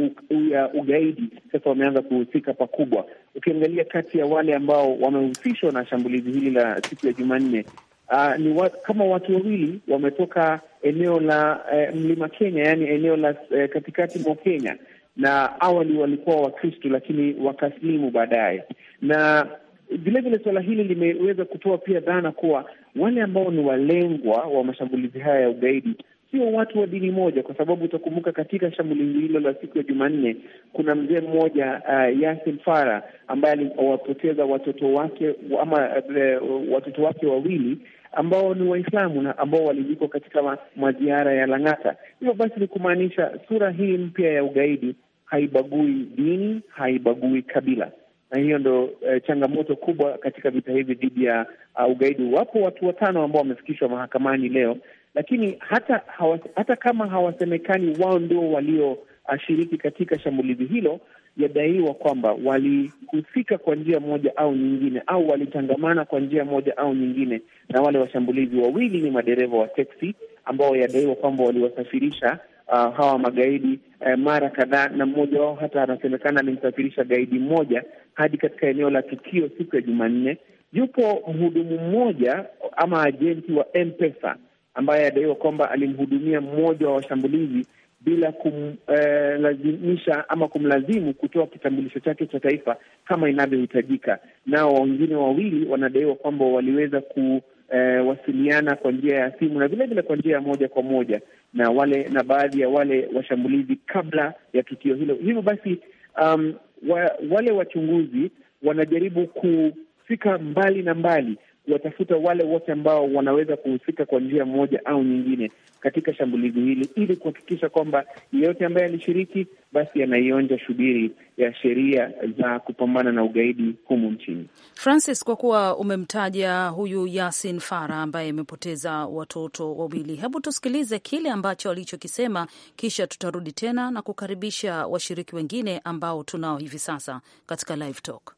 [SPEAKER 5] ya ugaidi sasa wameanza kuhusika pakubwa. Ukiangalia kati ya wale ambao wamehusishwa na shambulizi hili la siku ya Jumanne uh, ni wa, kama watu wawili wametoka eneo la uh, mlima Kenya, yani eneo la uh, katikati mwa Kenya, na awali walikuwa Wakristu lakini wakaslimu baadaye na vilevile suala hili limeweza kutoa pia dhana kuwa wale ambao ni walengwa wa mashambulizi haya ya ugaidi sio watu wa dini moja, kwa sababu utakumbuka katika shambulizi hilo la siku ya Jumanne kuna mzee mmoja uh, Yasin Fara ambaye aliwapoteza watoto wake ama uh, watoto wake wawili ambao ni Waislamu na ambao walizikwa katika maziara ya Lang'ata. Hivyo basi ni kumaanisha sura hii mpya ya ugaidi haibagui dini, haibagui kabila na hiyo ndo e, changamoto kubwa katika vita hivi dhidi ya uh, ugaidi. Wapo watu watano ambao wamefikishwa mahakamani leo lakini hata hawa, hata kama hawasemekani wao ndio walioshiriki katika shambulizi hilo, yadaiwa kwamba walihusika kwa njia moja au nyingine, au walitangamana kwa njia moja au nyingine, na wale washambulizi wawili ni madereva wa teksi ambao yadaiwa kwamba waliwasafirisha uh, hawa magaidi uh, mara kadhaa, na mmoja wao hata anasemekana alimsafirisha gaidi mmoja hadi katika eneo la tukio siku ya Jumanne. Yupo mhudumu mmoja ama ajenti wa M-Pesa ambaye adaiwa kwamba alimhudumia mmoja wa washambulizi bila kumlazimisha eh, ama kumlazimu kutoa kitambulisho chake cha taifa kama inavyohitajika. Nao wengine wawili wanadaiwa kwamba waliweza kuwasiliana eh, kwa njia ya simu na vilevile kwa njia ya moja kwa moja na wale na baadhi ya wale washambulizi kabla ya tukio hilo. Hivyo basi, um, wa, wale wachunguzi wanajaribu kufika mbali na mbali watafuta wale wote ambao wanaweza kuhusika kwa njia moja au nyingine katika shambulizi hili ili kuhakikisha kwamba yeyote ambaye alishiriki basi anaionja shubiri ya sheria za kupambana na ugaidi humu nchini.
[SPEAKER 2] Francis, kwa kuwa umemtaja huyu Yasin Fara ambaye amepoteza watoto wawili, hebu tusikilize kile ambacho alichokisema, kisha tutarudi tena na kukaribisha washiriki wengine ambao tunao hivi sasa katika Live Talk.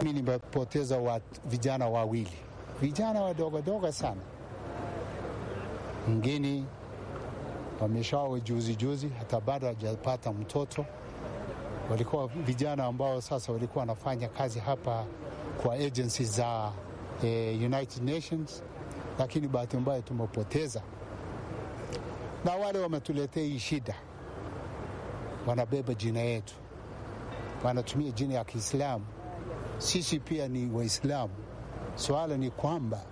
[SPEAKER 1] Mi nimepoteza vijana wawili, vijana wadogodogo sana, ngine wameshao juzi juzi, hata bado hajapata mtoto. Walikuwa vijana ambao sasa walikuwa wanafanya kazi hapa kwa agency za eh, United Nations, lakini bahati mbaya tumepoteza, na wale wametuletea hii shida, wanabeba jina yetu, wanatumia jina ya Kiislamu sisi pia ni Waislamu. Swala ni kwamba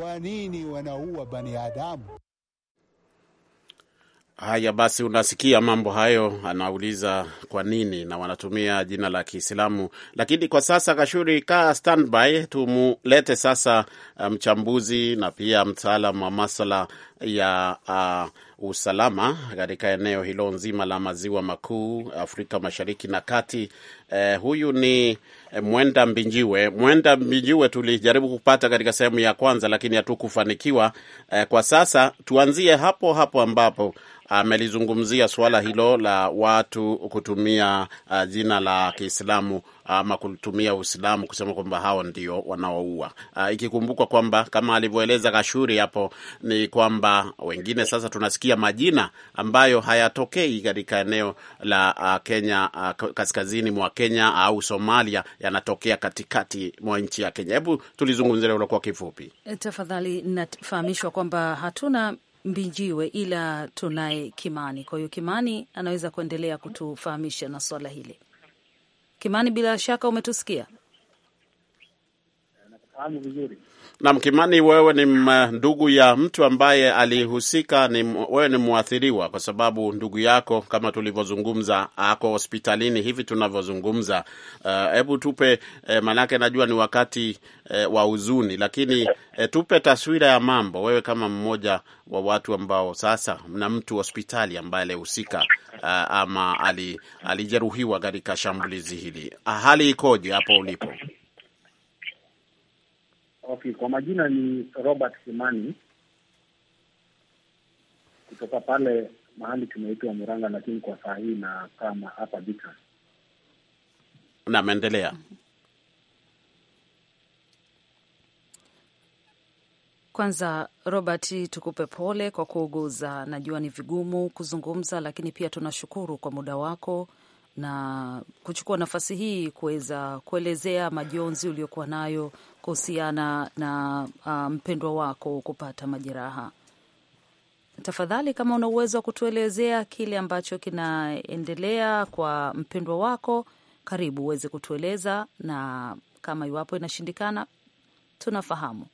[SPEAKER 1] kwa nini wanaua baniadamu? Haya basi, unasikia mambo hayo, anauliza kwa nini, na wanatumia jina la Kiislamu. Lakini kwa sasa, Kashuri, kaa standby, tumulete sasa uh, mchambuzi um, na pia mtaalam wa masala ya uh, usalama katika eneo hilo nzima la maziwa makuu Afrika mashariki na kati. Uh, huyu ni Eh, mwenda Mbinjiwe. Mwenda Mbinjiwe tulijaribu kupata katika sehemu ya kwanza, lakini hatukufanikiwa. Eh, kwa sasa tuanzie hapo hapo ambapo amelizungumzia suala hilo la watu kutumia uh, jina la Kiislamu ama kutumia Uislamu kusema kwamba hao ndio wanaoua, uh, ikikumbukwa kwamba kama alivyoeleza Kashuri hapo ni kwamba wengine sasa tunasikia majina ambayo hayatokei katika eneo la uh, Kenya uh, kaskazini mwa Kenya au Somalia, yanatokea katikati mwa nchi ya Kenya. Hebu tulizungumzia hilo kwa kifupi
[SPEAKER 2] tafadhali. Nafahamishwa kwamba hatuna Mbinjiwe, ila tunaye Kimani. Kwa hiyo Kimani anaweza kuendelea kutufahamisha na swala hili. Kimani, bila shaka umetusikia? Nakufahamu
[SPEAKER 4] vizuri.
[SPEAKER 1] Naam, Kimani, wewe ni eh, ndugu ya mtu ambaye alihusika, ni wewe ni mwathiriwa, kwa sababu ndugu yako kama tulivyozungumza ako hospitalini hivi tunavyozungumza. Eh, hebu uh, tupe eh, manake najua ni wakati eh, wa huzuni, lakini eh, tupe taswira ya mambo, wewe kama mmoja wa watu ambao sasa mna mtu hospitali ambaye alihusika uh, ama ali, alijeruhiwa katika shambulizi hili. Hali ikoje hapo ulipo?
[SPEAKER 5] Okay, kwa majina ni Robert Kimani kutoka pale mahali tunaitwa Muranga, lakini kwa saa hii na
[SPEAKER 2] kama hapa Bika
[SPEAKER 1] na
[SPEAKER 2] Kwanza Robert, tukupe pole kwa kuuguza. Najua ni vigumu kuzungumza, lakini pia tunashukuru kwa muda wako na kuchukua nafasi hii kuweza kuelezea majonzi uliokuwa nayo kuhusiana na uh, mpendwa wako kupata majeraha. Tafadhali, kama una uwezo wa kutuelezea kile ambacho kinaendelea kwa mpendwa wako, karibu uweze kutueleza, na kama iwapo inashindikana, tunafahamu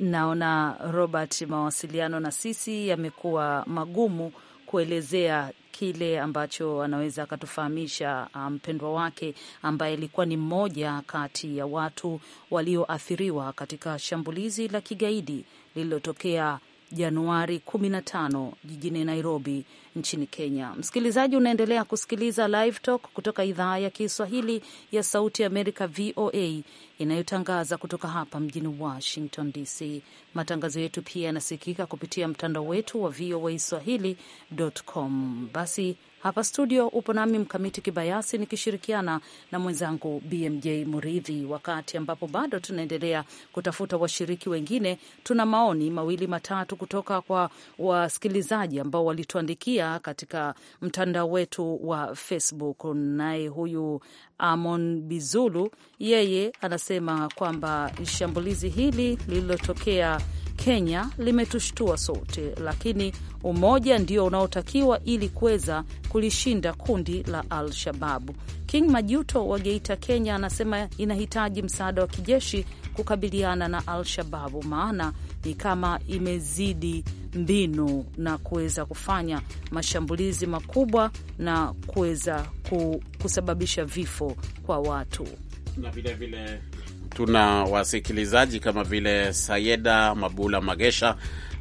[SPEAKER 2] Naona Robert, mawasiliano na sisi yamekuwa magumu kuelezea kile ambacho anaweza akatufahamisha ah, mpendwa um, wake ambaye alikuwa ni mmoja kati ya watu walioathiriwa katika shambulizi la kigaidi lililotokea Januari 15 jijini Nairobi nchini Kenya. Msikilizaji, unaendelea kusikiliza Live Talk kutoka idhaa ya Kiswahili ya Sauti ya Amerika, VOA, inayotangaza kutoka hapa mjini Washington DC. Matangazo yetu pia yanasikika kupitia mtandao wetu wa VOA swahili.com. Basi hapa studio upo nami Mkamiti Kibayasi nikishirikiana na mwenzangu BMJ Muridhi, wakati ambapo bado tunaendelea kutafuta washiriki wengine. Tuna maoni mawili matatu kutoka kwa wasikilizaji ambao walituandikia katika mtandao wetu wa Facebook. Naye huyu Amon Bizulu yeye anasema kwamba shambulizi hili lililotokea Kenya limetushtua sote, lakini umoja ndio unaotakiwa ili kuweza kulishinda kundi la Al-Shababu. King Majuto wa Geita, Kenya, anasema inahitaji msaada wa kijeshi kukabiliana na Al-Shababu, maana ni kama imezidi mbinu na kuweza kufanya mashambulizi makubwa na kuweza kusababisha vifo kwa watu na vilevile
[SPEAKER 1] tuna wasikilizaji kama vile Sayeda Mabula Magesha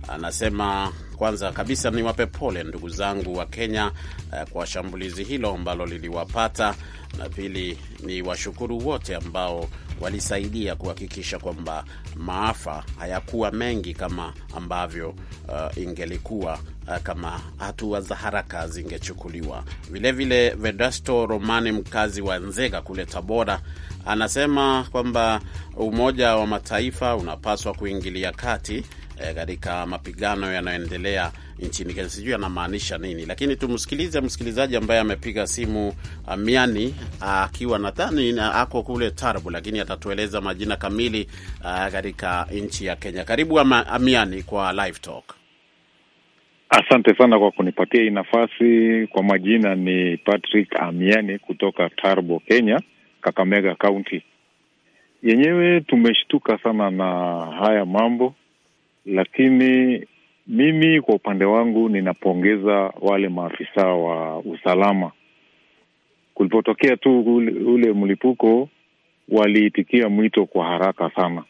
[SPEAKER 1] anasema kwanza kabisa niwape pole ndugu zangu wa Kenya eh, kwa shambulizi hilo ambalo liliwapata, na pili ni washukuru wote ambao walisaidia kuhakikisha kwamba maafa hayakuwa mengi kama ambavyo uh, ingelikuwa uh, kama hatua za haraka zingechukuliwa. Vilevile Vedasto Romani, mkazi wa Nzega kule Tabora, anasema kwamba Umoja wa Mataifa unapaswa kuingilia kati Eh, katika e, mapigano yanayoendelea nchini Kenya. Sijui anamaanisha nini, lakini tumsikilize msikilizaji ambaye amepiga simu Amiani eh, akiwa nadhani ako kule Tarbu, lakini atatueleza majina kamili eh, katika nchi ya Kenya. Karibu ama, Amiani kwa Live Talk.
[SPEAKER 6] Asante sana kwa kunipatia hii nafasi. Kwa majina ni Patrick Amiani kutoka Tarbo, Kenya, Kakamega kaunti Yenyewe tumeshtuka sana na haya mambo lakini mimi kwa upande wangu ninapongeza wale maafisa wa usalama. Kulipotokea tu ule mlipuko, waliitikia mwito kwa haraka sana,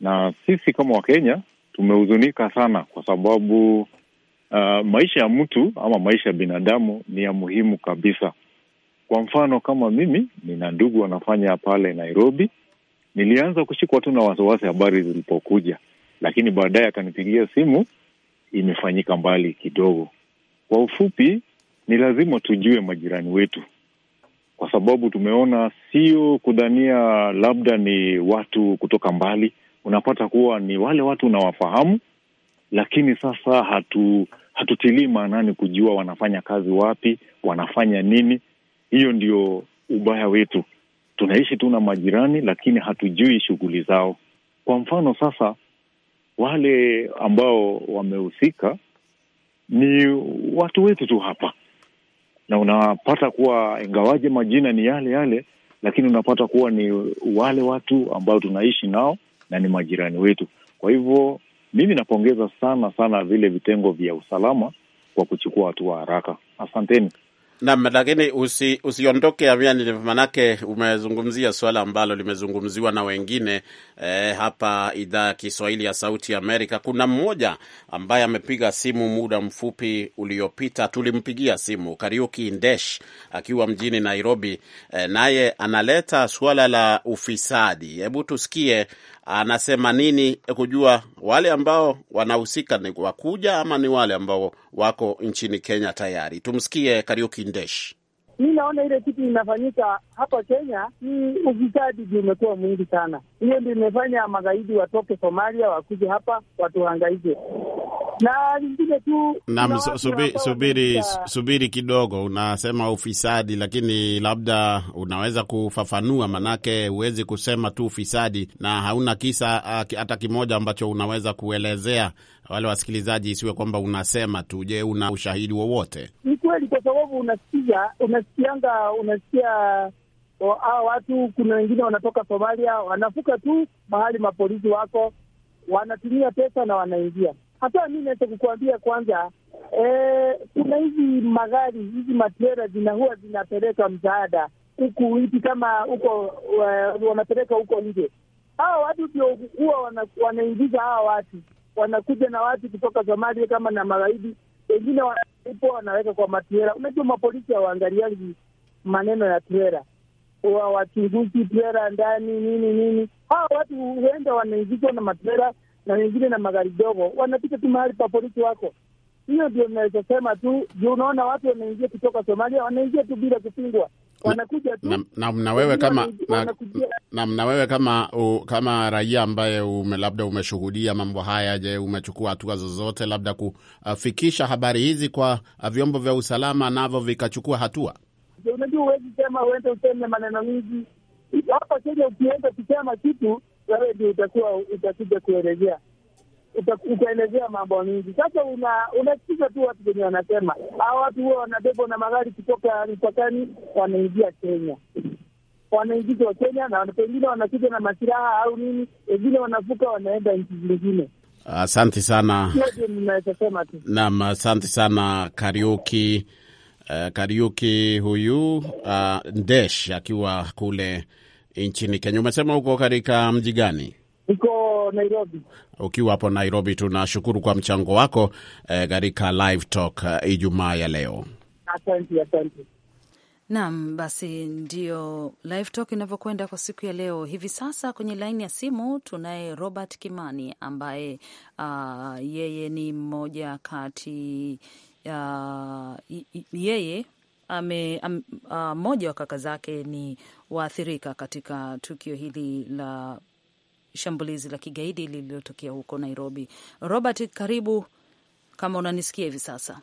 [SPEAKER 6] na sisi kama Wakenya tumehuzunika sana, kwa sababu uh, maisha ya mtu ama maisha ya binadamu ni ya muhimu kabisa. Kwa mfano kama mimi nina ndugu wanafanya pale Nairobi, nilianza kushikwa tu na wasiwasi habari zilipokuja lakini baadaye akanipigia simu, imefanyika mbali kidogo. Kwa ufupi, ni lazima tujue majirani wetu, kwa sababu tumeona sio kudhania labda ni watu kutoka mbali. Unapata kuwa ni wale watu unawafahamu, lakini sasa hatu hatutilii maanani kujua wanafanya kazi wapi, wanafanya nini. Hiyo ndio ubaya wetu. Tunaishi tu na majirani, lakini hatujui shughuli zao. Kwa mfano sasa wale ambao wamehusika ni watu wetu tu hapa, na unapata kuwa ingawaje majina ni yale yale, lakini unapata kuwa ni wale watu ambao tunaishi nao na ni majirani wetu. Kwa hivyo mimi napongeza sana sana vile vitengo vya usalama kwa kuchukua hatua haraka. Asanteni.
[SPEAKER 1] Naam, lakini usi, usiondoke Amiani, manake umezungumzia swala ambalo limezungumziwa na wengine eh, hapa idhaa ya Kiswahili ya Sauti Amerika. Kuna mmoja ambaye amepiga simu muda mfupi uliopita, tulimpigia simu Kariuki Ndesh akiwa mjini Nairobi, eh, naye analeta suala la ufisadi. Hebu tusikie anasema nini e, kujua wale ambao wanahusika ni wakuja ama ni wale ambao wako nchini Kenya tayari. Tumsikie Kariuki Ndeshi
[SPEAKER 3] mi naona ile kitu inafanyika hapa Kenya ni ufisadi ndio umekuwa mwingi sana. Hiyo ndio imefanya magaidi watoke Somalia wakuje hapa watuhangaike na lingine
[SPEAKER 1] tu. Naam, subiri, subiri, subiri kidogo. Unasema ufisadi, lakini labda unaweza kufafanua, manake huwezi kusema tu ufisadi na hauna kisa ah, hata kimoja ambacho unaweza kuelezea wale wasikilizaji, isiwe kwamba unasema tu. Je, una ushahidi wowote?
[SPEAKER 3] Ni kweli, kwa sababu unasikia unasikianga, unasikia hawa watu, kuna wengine wanatoka Somalia, wanavuka tu mahali mapolisi wako, wanatumia pesa na wanaingia. Hata mi naweza kukuambia kwanza, eh, kuna e, hizi magari hizi matrela zinahuwa zinapeleka msaada huku nchi kama huko eh, wanapeleka huko nje. Hawa watu ndio huwa wanaingiza hawa watu wanakuja na watu kutoka Somalia kama na magaidi, wengine wanalipwa wanaweka kwa matrela. Unajua mapolisi hawaangaliangi maneno ya trela, wachunguzi trela ndani nini nini. Hawa watu huenda wanaingizwa na matrela na wengine na magari dogo, wanapita tu mahali pa polisi wako. Hiyo ndio inaweza sema tu juu, unaona watu wanaingia kutoka Somalia, wanaingia tu bila kupingwa
[SPEAKER 2] wanakuja
[SPEAKER 1] tu na, na, na wewe kama na, na, na wewe kama u, kama raia ambaye ume, labda umeshuhudia mambo haya, je, umechukua hatua zozote labda kufikisha habari hizi kwa uh, vyombo vya usalama navyo vikachukua hatua?
[SPEAKER 3] Unajua, huwezi sema uende useme maneno mingi hapa Kenya. Ukienda kusema kitu wewe ndio utakuwa utakuja kuelezea utaelezea mambo mingi. Sasa unasikiza tu watu wenye wanasema hawa watu huwa wanabebwa na magari kutoka mipakani, wanaingia Kenya, wanaingizwa Kenya na pengine wanakuja na masiraha au nini, wengine wanavuka wanaenda nchi zingine.
[SPEAKER 1] Asante sana naam, asante sana Kariuki. Uh, Kariuki huyu uh, Ndesh akiwa kule nchini Kenya. Umesema huko katika mji gani? Niko Nairobi. Ukiwa hapo Nairobi, tunashukuru kwa mchango wako eh, katika eh, live talk eh, Ijumaa ya leo.
[SPEAKER 4] Asante, asante.
[SPEAKER 2] Naam, basi ndio live talk inavyokwenda kwa siku ya leo. Hivi sasa kwenye laini ya simu tunaye Robert Kimani ambaye uh, yeye ni mmoja kati uh, yeye ame ah, mmoja uh, wa kaka zake ni waathirika katika tukio hili la shambulizi la kigaidi lililotokea huko Nairobi. Robert, karibu kama unanisikia hivi sasa.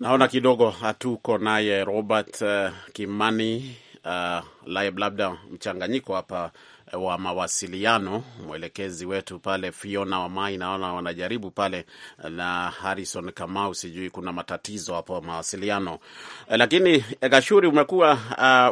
[SPEAKER 1] Naona kidogo hatuko naye Robert uh, Kimani uh, labda mchanganyiko hapa wa mawasiliano, mwelekezi wetu pale Fiona Wamai, naona wanajaribu pale na Harrison Kamau, sijui kuna matatizo hapo mawasiliano. Eh, lakini Kashuri, eh, umekuwa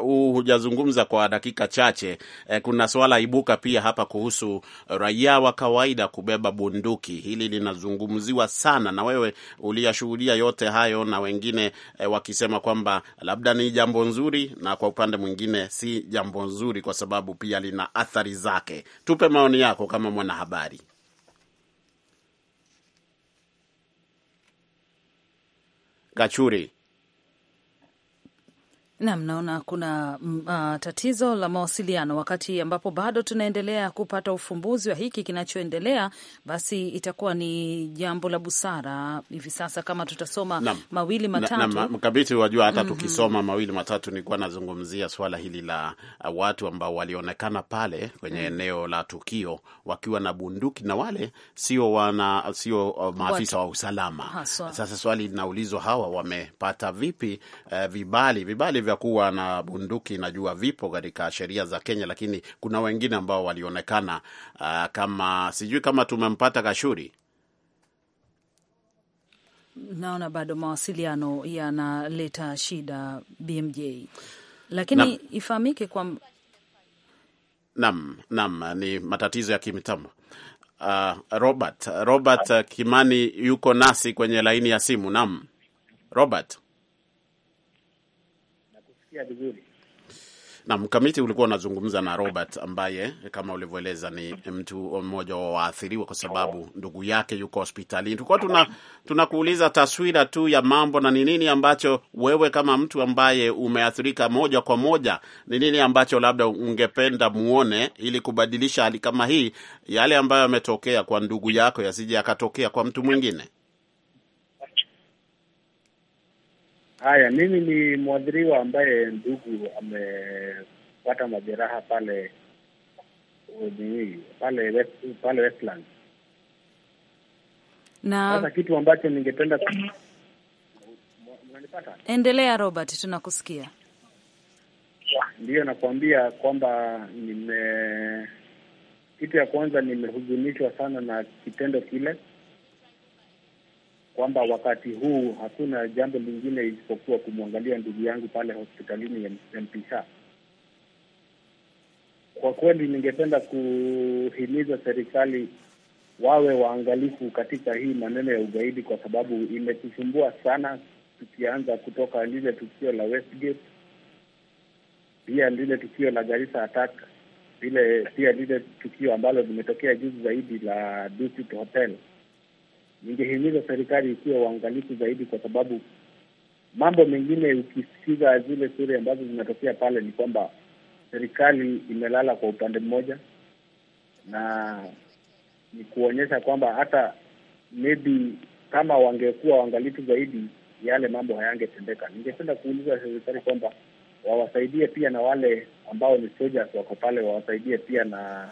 [SPEAKER 1] uh, hujazungumza kwa dakika chache. Eh, kuna swala ibuka pia hapa kuhusu raia wa kawaida kubeba bunduki, hili linazungumziwa sana, na wewe uliyashuhudia yote hayo na wengine eh, wakisema kwamba labda ni jambo nzuri, na kwa upande mwingine si jambo nzuri, kwa sababu pia lina athari zake. Tupe maoni yako kama mwanahabari. Gachuri.
[SPEAKER 2] Nam, naona kuna uh, tatizo la mawasiliano. Wakati ambapo bado tunaendelea kupata ufumbuzi wa hiki kinachoendelea, basi itakuwa ni jambo la busara hivi sasa kama tutasoma na mawili matatu
[SPEAKER 1] mkabiti wajua hata mm -hmm. tukisoma mawili matatu, nilikuwa nazungumzia swala hili la uh, watu ambao walionekana pale kwenye mm -hmm. eneo la tukio wakiwa na bunduki na wale sio wana sio uh, maafisa wa usalama. Sasa swali linaulizwa hawa wamepata vipi uh, vibali vibali vya kuwa na bunduki najua vipo katika sheria za Kenya, lakini kuna wengine ambao walionekana uh, kama sijui kama tumempata Kashuri.
[SPEAKER 2] Naona bado mawasiliano yanaleta shida BMJ, lakini ifahamike kwa
[SPEAKER 1] nam nam ni matatizo ya kimtambo. Uh, Robert Robert Kimani yuko nasi kwenye laini ya simu. Nam Robert kusikia vizuri. Na mkamiti, ulikuwa unazungumza na Robert ambaye kama ulivyoeleza ni mtu mmoja wa waathiriwa, kwa sababu ndugu yake yuko hospitalini. Tulikuwa tuna tunakuuliza taswira tu ya mambo na ni nini ambacho wewe kama mtu ambaye umeathirika moja kwa moja, ni nini ambacho labda ungependa muone ili kubadilisha hali kama hii, yale ambayo yametokea kwa ndugu yako yasije yakatokea kwa mtu mwingine.
[SPEAKER 5] Haya, mimi ni mwadhiriwa ambaye ndugu amepata majeraha pale pale pale Westland. Na sasa kitu ambacho ningependa
[SPEAKER 2] unanipata? Endelea Robert, tunakusikia.
[SPEAKER 5] Ndiyo, nakwambia kwamba nime kitu ya kwanza nimehuzunishwa sana na kitendo kile kwamba wakati huu hakuna jambo lingine isipokuwa kumwangalia ndugu yangu pale hospitalini ya Mpisha. Kwa kweli, ningependa kuhimiza serikali wawe waangalifu katika hii maneno ya ugaidi, kwa sababu imetusumbua sana, tukianza kutoka lile tukio la Westgate, pia lile tukio la Garissa attack, lile pia lile tukio ambalo limetokea juzi zaidi la Dusit Hotel ningehimiza serikali ikiwa uangalifu zaidi, kwa sababu mambo mengine ukisikiza zile suri ambazo zinatokea pale ni kwamba serikali imelala kwa upande mmoja, na ni kuonyesha kwamba hata maybe kama wangekuwa waangalifu zaidi yale mambo hayangetendeka. Ningependa kuuliza serikali kwamba wawasaidie pia na wale ambao ni soldiers wako pale, wawasaidie pia na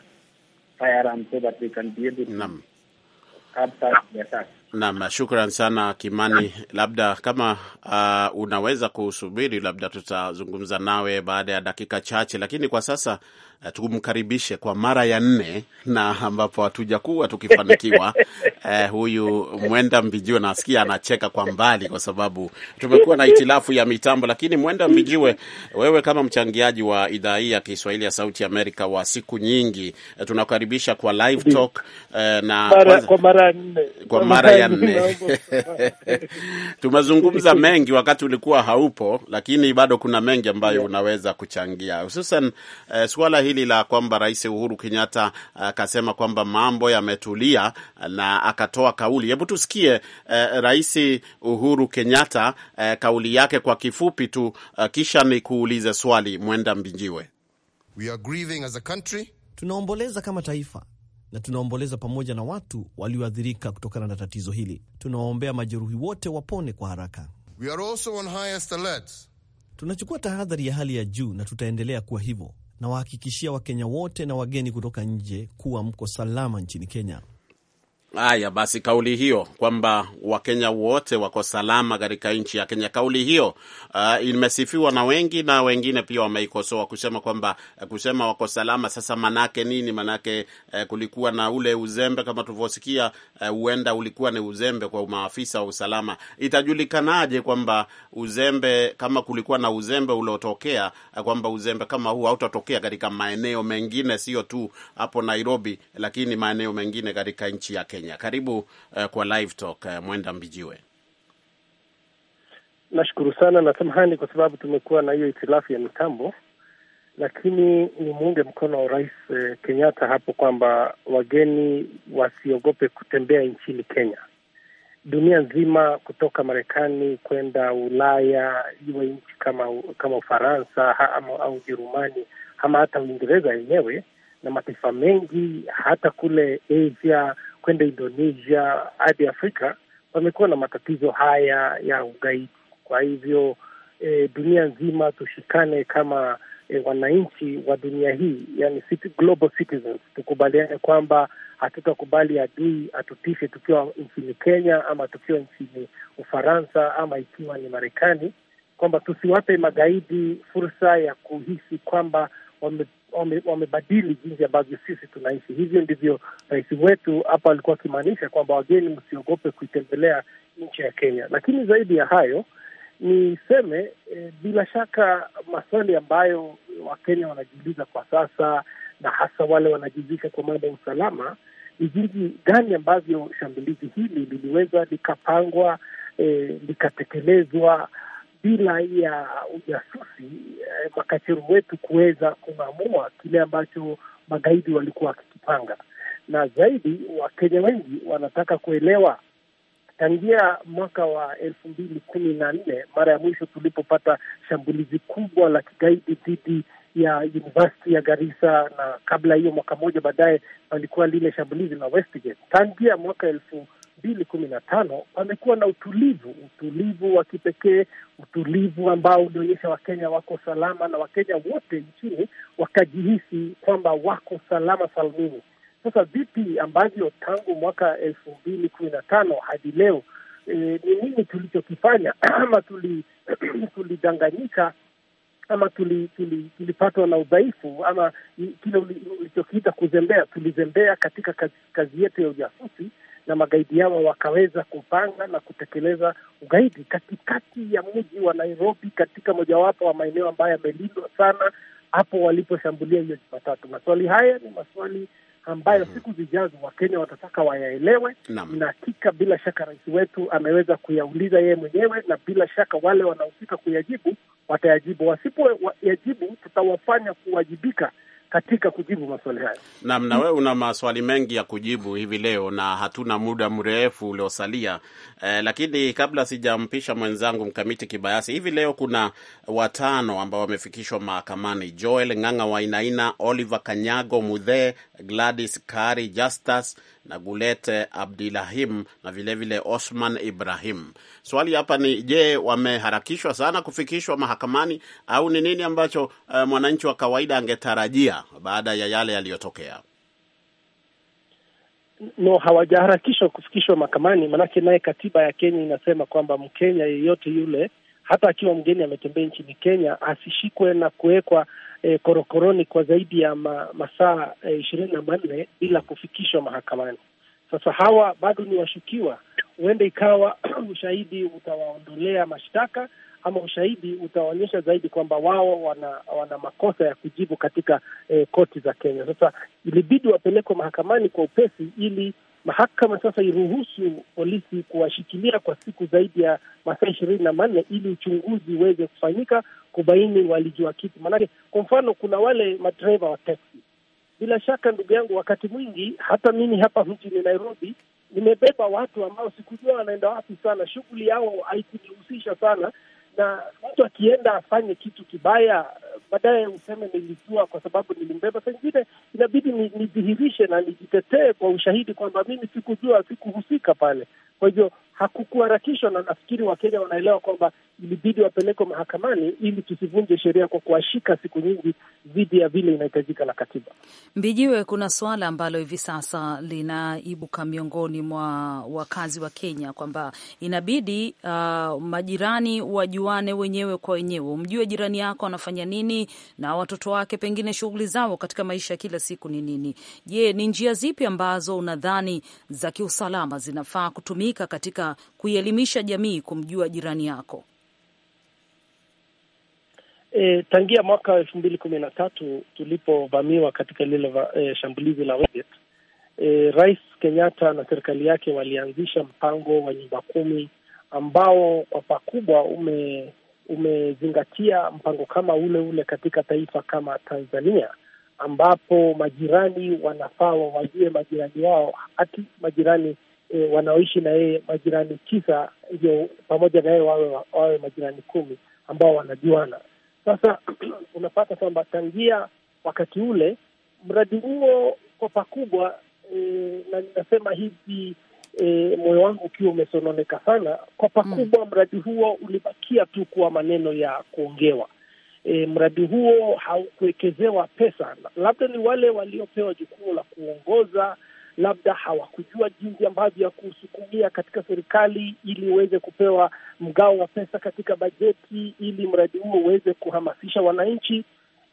[SPEAKER 5] firearms
[SPEAKER 1] so that they can be able to hapa Naam, shukran sana Kimani. Labda kama uh, unaweza kusubiri, labda tutazungumza nawe baada ya dakika chache, lakini kwa sasa Eh, tumkaribishe kwa mara ya nne na ambapo hatujakuwa tukifanikiwa. Eh, huyu Mwenda Mbijiwe nasikia anacheka kwa mbali kwa sababu tumekuwa na hitilafu ya mitambo. Lakini Mwenda Mbijiwe, wewe kama mchangiaji wa idhaa hii ya Kiswahili ya Sauti Amerika wa siku nyingi, eh, tunakaribisha kwa live talk eh, na mara, kwa mara kwa mara ya nne tumezungumza mengi wakati ulikuwa haupo, lakini bado kuna mengi ambayo unaweza kuchangia hususan eh, swala hili la kwamba Rais Uhuru Kenyatta uh, akasema kwamba mambo yametulia uh, na akatoa kauli. Hebu tusikie eh, Rais Uhuru Kenyatta eh, kauli yake kwa kifupi tu eh, kisha ni kuulize swali Mwenda Mbinjiwe. We are grieving as a country.
[SPEAKER 5] Tunaomboleza kama taifa na tunaomboleza pamoja na watu walioathirika kutokana na tatizo hili. Tunawaombea majeruhi wote wapone kwa haraka.
[SPEAKER 1] We are also on highest alert.
[SPEAKER 5] Tunachukua tahadhari ya hali ya juu na tutaendelea kuwa hivyo nawahakikishia Wakenya wote na wageni kutoka nje kuwa mko salama nchini Kenya.
[SPEAKER 1] Haya basi, kauli hiyo kwamba Wakenya wote wako salama katika nchi ya Kenya, kauli hiyo uh, imesifiwa na wengi na wengine pia wameikosoa kusema kwamba uh, kusema wako salama. Sasa manake nini? Manake uh, kulikuwa na ule uzembe kama tulivyosikia, uh, huenda uh, ulikuwa ni uzembe kwa maafisa wa usalama. Itajulikanaje kwamba uzembe kama kulikuwa na uzembe uliotokea, uh, kwamba uzembe kama huu hautatokea katika maeneo mengine, sio tu hapo Nairobi, lakini maeneo mengine katika nchi ya Kenya? Kenya. Karibu uh, kwa Live Talk uh, Mwenda Mbijiwe.
[SPEAKER 5] Nashukuru sana na samahani kwa sababu tumekuwa na hiyo hitilafu ya mitambo, lakini ni muunge mkono wa Rais eh, Kenyatta hapo kwamba wageni wasiogope kutembea nchini Kenya. Dunia nzima kutoka Marekani kwenda Ulaya, iwe nchi kama kama Ufaransa au Ujerumani ama hata Uingereza yenyewe na mataifa mengi hata kule Asia kwenda Indonesia hadi Afrika wamekuwa na matatizo haya ya ugaidi. Kwa hivyo e, dunia nzima tushikane kama e, wananchi wa dunia hii, yani global citizens, tukubaliane kwamba hatutakubali adui atutishe tukiwa nchini Kenya ama tukiwa nchini Ufaransa ama ikiwa ni Marekani, kwamba tusiwape magaidi fursa ya kuhisi kwamba wamebadili jinsi ambavyo sisi tunaishi. Hivyo ndivyo rais wetu hapa alikuwa akimaanisha kwamba wageni msiogope kuitembelea nchi ya Kenya. Lakini zaidi ya hayo niseme e, bila shaka maswali ambayo Wakenya wanajiuliza kwa sasa na hasa wale wanajihusisha kwa mambo ya usalama ni jinsi gani ambavyo shambulizi hili liliweza likapangwa, e, likatekelezwa bila ya ujasusi eh, makachero wetu kuweza kung'amua kile ambacho magaidi walikuwa wakikipanga. Na zaidi Wakenya wengi wanataka kuelewa tangia mwaka wa elfu mbili kumi na nne mara ya mwisho tulipopata shambulizi kubwa la kigaidi dhidi ya university ya Garissa, na kabla hiyo mwaka moja baadaye palikuwa lile shambulizi la Westgate. Tangia mwaka elfu mbili kumi na tano wamekuwa na utulivu, utulivu wa kipekee, utulivu ambao ulionyesha Wakenya wako salama na Wakenya wote nchini wakajihisi kwamba wako salama salmini. Sasa vipi ambavyo tangu mwaka elfu mbili kumi na tano hadi leo eh, ni e, nini tulichokifanya ama tulidanganyika ama tulipatwa tuli, tuli na udhaifu ama kile ulichokiita kuzembea. Tulizembea katika kazi, kazi yetu ya ujasusi na magaidi hawa wakaweza kupanga na kutekeleza ugaidi katikati ya mji wa Nairobi, katika mojawapo wa maeneo ambayo yamelindwa sana, hapo waliposhambulia hiyo Jumatatu. Maswali haya ni maswali ambayo mm -hmm. siku zijazo Wakenya watataka wayaelewe, na hakika bila shaka rais wetu ameweza kuyauliza yeye mwenyewe, na bila shaka wale wanahusika kuyajibu watayajibu. Wasipoyajibu, tutawafanya kuwajibika katika kujibu maswali hayo.
[SPEAKER 1] Naam, na wewe una maswali mengi ya kujibu hivi leo na hatuna muda mrefu uliosalia eh, lakini kabla sijampisha mwenzangu Mkamiti Kibayasi, hivi leo kuna watano ambao wamefikishwa mahakamani: Joel Ng'ang'a Wainaina, Oliver Kanyago Mudhee, Gladys Kari Justus na Gulete Abdilahim na vilevile vile Osman Ibrahim. Swali hapa ni je, wameharakishwa sana kufikishwa mahakamani au ni nini ambacho uh, mwananchi wa kawaida angetarajia baada ya yale yaliyotokea?
[SPEAKER 5] No, hawajaharakishwa kufikishwa mahakamani, maanake naye katiba ya Kenya inasema kwamba Mkenya yeyote yule hata akiwa mgeni ametembea nchini Kenya asishikwe na kuwekwa eh, korokoroni kwa zaidi ya ma, masaa eh, ishirini eh, na manne bila kufikishwa mahakamani. Sasa hawa bado ni washukiwa, huenda ikawa ushahidi utawaondolea mashtaka ama ushahidi utaonyesha zaidi kwamba wao wana wana makosa ya kujibu katika eh, koti za Kenya. Sasa ilibidi wapelekwe mahakamani kwa upesi ili mahakama sasa iruhusu polisi kuwashikilia kwa siku zaidi ya masaa ishirini na manne ili uchunguzi uweze kufanyika, kubaini walijua kitu. Maanake kwa mfano, kuna wale madereva wa teksi. Bila shaka, ndugu yangu, wakati mwingi hata mimi hapa mjini Nairobi nimebeba watu ambao sikujua wanaenda wapi sana, shughuli yao haikunihusisha sana, na mtu akienda afanye kitu kibaya, baadaye useme nilijua kwa sababu nilimbeba. Saa ingine inabidi nidhihirishe na nijitetee kwa ushahidi kwamba mimi sikujua, sikuhusika pale. Kwa hivyo hakukuharakishwa, na nafikiri Wakenya wanaelewa kwamba ilibidi wapelekwe mahakamani ili tusivunje sheria kwa kuwashika siku nyingi dhidi ya vile inahitajika na katiba.
[SPEAKER 2] Mbijiwe, kuna suala ambalo hivi sasa linaibuka miongoni mwa wakazi wa Kenya kwamba inabidi uh, majirani wajuane wenyewe kwa wenyewe, umjue jirani yako anafanya nini na watoto wake, pengine shughuli zao katika maisha ya kila siku ni nini. Je, ni njia zipi ambazo unadhani za kiusalama zinafaa kutumika katika kuielimisha jamii kumjua jirani yako?
[SPEAKER 5] E, tangia mwaka elfu mbili kumi na tatu tulipovamiwa katika lile e, shambulizi la e, Rais Kenyatta na serikali yake walianzisha mpango wa nyumba kumi ambao kwa pakubwa ume umezingatia mpango kama ule ule katika taifa kama Tanzania ambapo majirani wanafaa wawajue majirani wao hati majirani e, wanaoishi na yeye majirani tisa, hivyo pamoja na yeye wawe, wawe majirani kumi ambao wanajuana. Sasa unapata kwamba tangia wakati ule mradi huo kwa pakubwa e, na ninasema hivi e, moyo wangu ukiwa umesononeka sana kwa pakubwa mm. Mradi huo ulibakia tu kuwa maneno ya kuongewa. E, mradi huo haukuwekezewa pesa, labda ni wale waliopewa jukumu la kuongoza labda hawakujua jinsi ambavyo ya kusukumia katika serikali ili uweze kupewa mgao wa pesa katika bajeti ili mradi huo uweze kuhamasisha wananchi.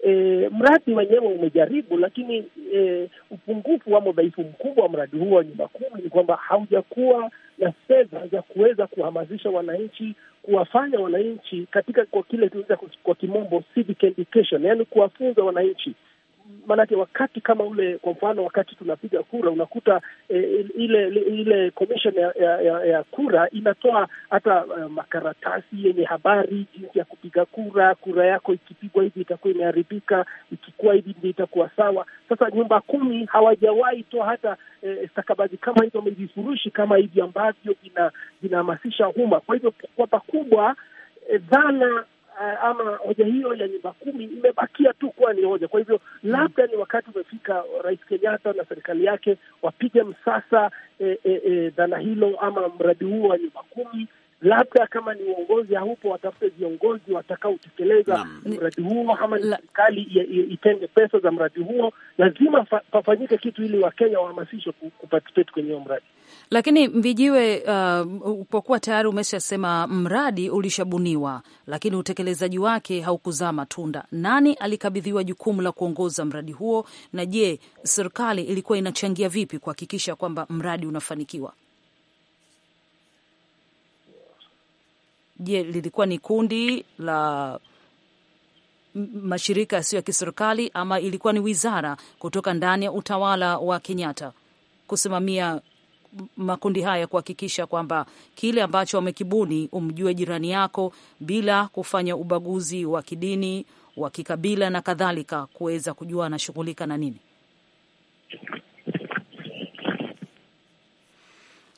[SPEAKER 5] E, mradi wenyewe umejaribu, lakini e, upungufu ama udhaifu mkubwa wa mradi huo wa nyumba kumi ni kwamba haujakuwa na fedha za kuweza kuhamasisha wananchi, kuwafanya wananchi katika kwa kile tunaweza kwa kimombo civic education, kuwafunza wananchi maanake wakati kama ule, kwa mfano, wakati tunapiga kura unakuta eh, ile ile commission ya, ya, ya, ya kura inatoa hata uh, makaratasi yenye habari jinsi ya kupiga kura. Kura yako ikipigwa hivi itakuwa imeharibika, ikikuwa hivi ndio itakuwa sawa. Sasa nyumba kumi hawajawahi toa hata eh, stakabadhi kama hizo, vifurushi kama hivi ambavyo vinahamasisha umma. Kwa hivyo kwa pakubwa eh, dhana uh, ama hoja hiyo ya nyumba kumi imebakia tu kuwa ni hoja. Kwa hivyo hmm. labda ni wakati umefika Rais Kenyatta na serikali yake wapige msasa eh, eh, eh, dhana hilo ama mradi huo wa nyumba kumi labda kama ni uongozi haupo, watafute viongozi watakaotekeleza mradi huo, ama ni serikali itenge pesa za mradi huo. Lazima pafanyike kitu ili Wakenya wahamasishwe kuparticipate kwenye huo mradi.
[SPEAKER 2] Lakini Mbijiwe, uh, kwa kuwa tayari umeshasema mradi ulishabuniwa, lakini utekelezaji wake haukuzaa matunda, nani alikabidhiwa jukumu la kuongoza mradi huo, na je, serikali ilikuwa inachangia vipi kuhakikisha kwamba mradi unafanikiwa? Je, lilikuwa ni kundi la mashirika yasiyo ya kiserikali ama ilikuwa ni wizara kutoka ndani ya utawala wa Kenyatta kusimamia makundi haya kuhakikisha kwamba kile ambacho wamekibuni, umjue jirani yako bila kufanya ubaguzi wa kidini, wa kikabila na kadhalika, kuweza kujua anashughulika na nini.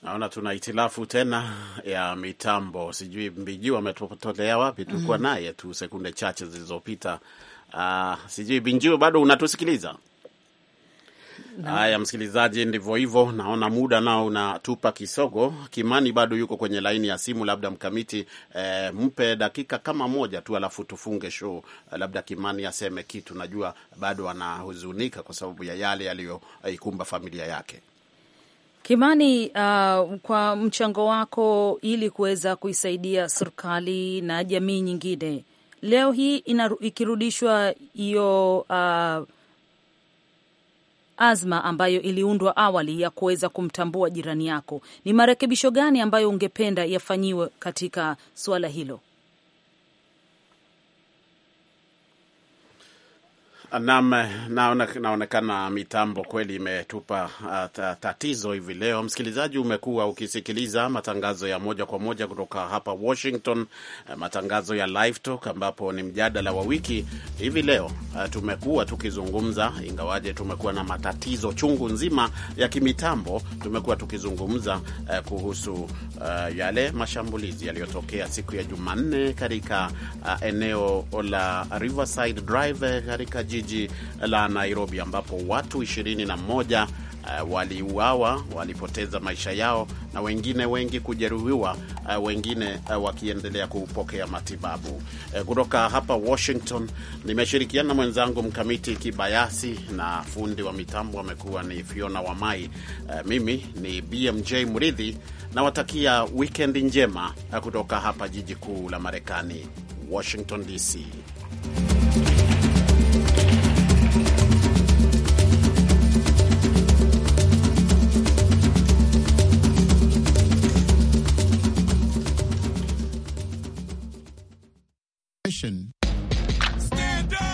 [SPEAKER 1] Naona tuna hitilafu tena ya mitambo, sijui Mbiju ametotolea wapi? Tulikuwa mm. naye tu sekunde chache zilizopita. Uh, sijui Binjuu, bado unatusikiliza? Haya, msikilizaji, ndivyo hivyo, naona muda nao unatupa kisogo. Kimani bado yuko kwenye laini ya simu, labda mkamiti e, mpe dakika kama moja tu, alafu tufunge show, labda Kimani aseme kitu. Najua bado anahuzunika kwa sababu ya yale yaliyoikumba familia yake.
[SPEAKER 2] Kimani, uh, kwa mchango wako ili kuweza kuisaidia serikali na jamii nyingine, leo hii ikirudishwa hiyo uh, azma ambayo iliundwa awali ya kuweza kumtambua jirani yako, ni marekebisho gani ambayo ungependa yafanyiwe katika suala hilo?
[SPEAKER 1] Naam, naonekana mitambo kweli imetupa uh, tatizo hivi leo. Msikilizaji, umekuwa ukisikiliza matangazo ya moja kwa moja kutoka hapa Washington, uh, matangazo ya Live Talk ambapo ni mjadala wa wiki. Hivi leo uh, tumekuwa tukizungumza, ingawaje tumekuwa na matatizo chungu nzima ya kimitambo, tumekuwa tukizungumza kuhusu yale mashambulizi yaliyotokea siku ya Jumanne katika eneo la Riverside Drive katika jiji la Nairobi, ambapo watu 21 eh, waliuawa, walipoteza maisha yao na wengine wengi kujeruhiwa, eh, wengine eh, wakiendelea kupokea matibabu. Kutoka hapa Washington nimeshirikiana na mwenzangu Mkamiti Kibayasi na fundi wa mitambo amekuwa ni Fiona Wamai. mimi ni BMJ Mridhi nawatakia wikendi njema kutoka hapa jiji kuu la Marekani, Washington DC. mission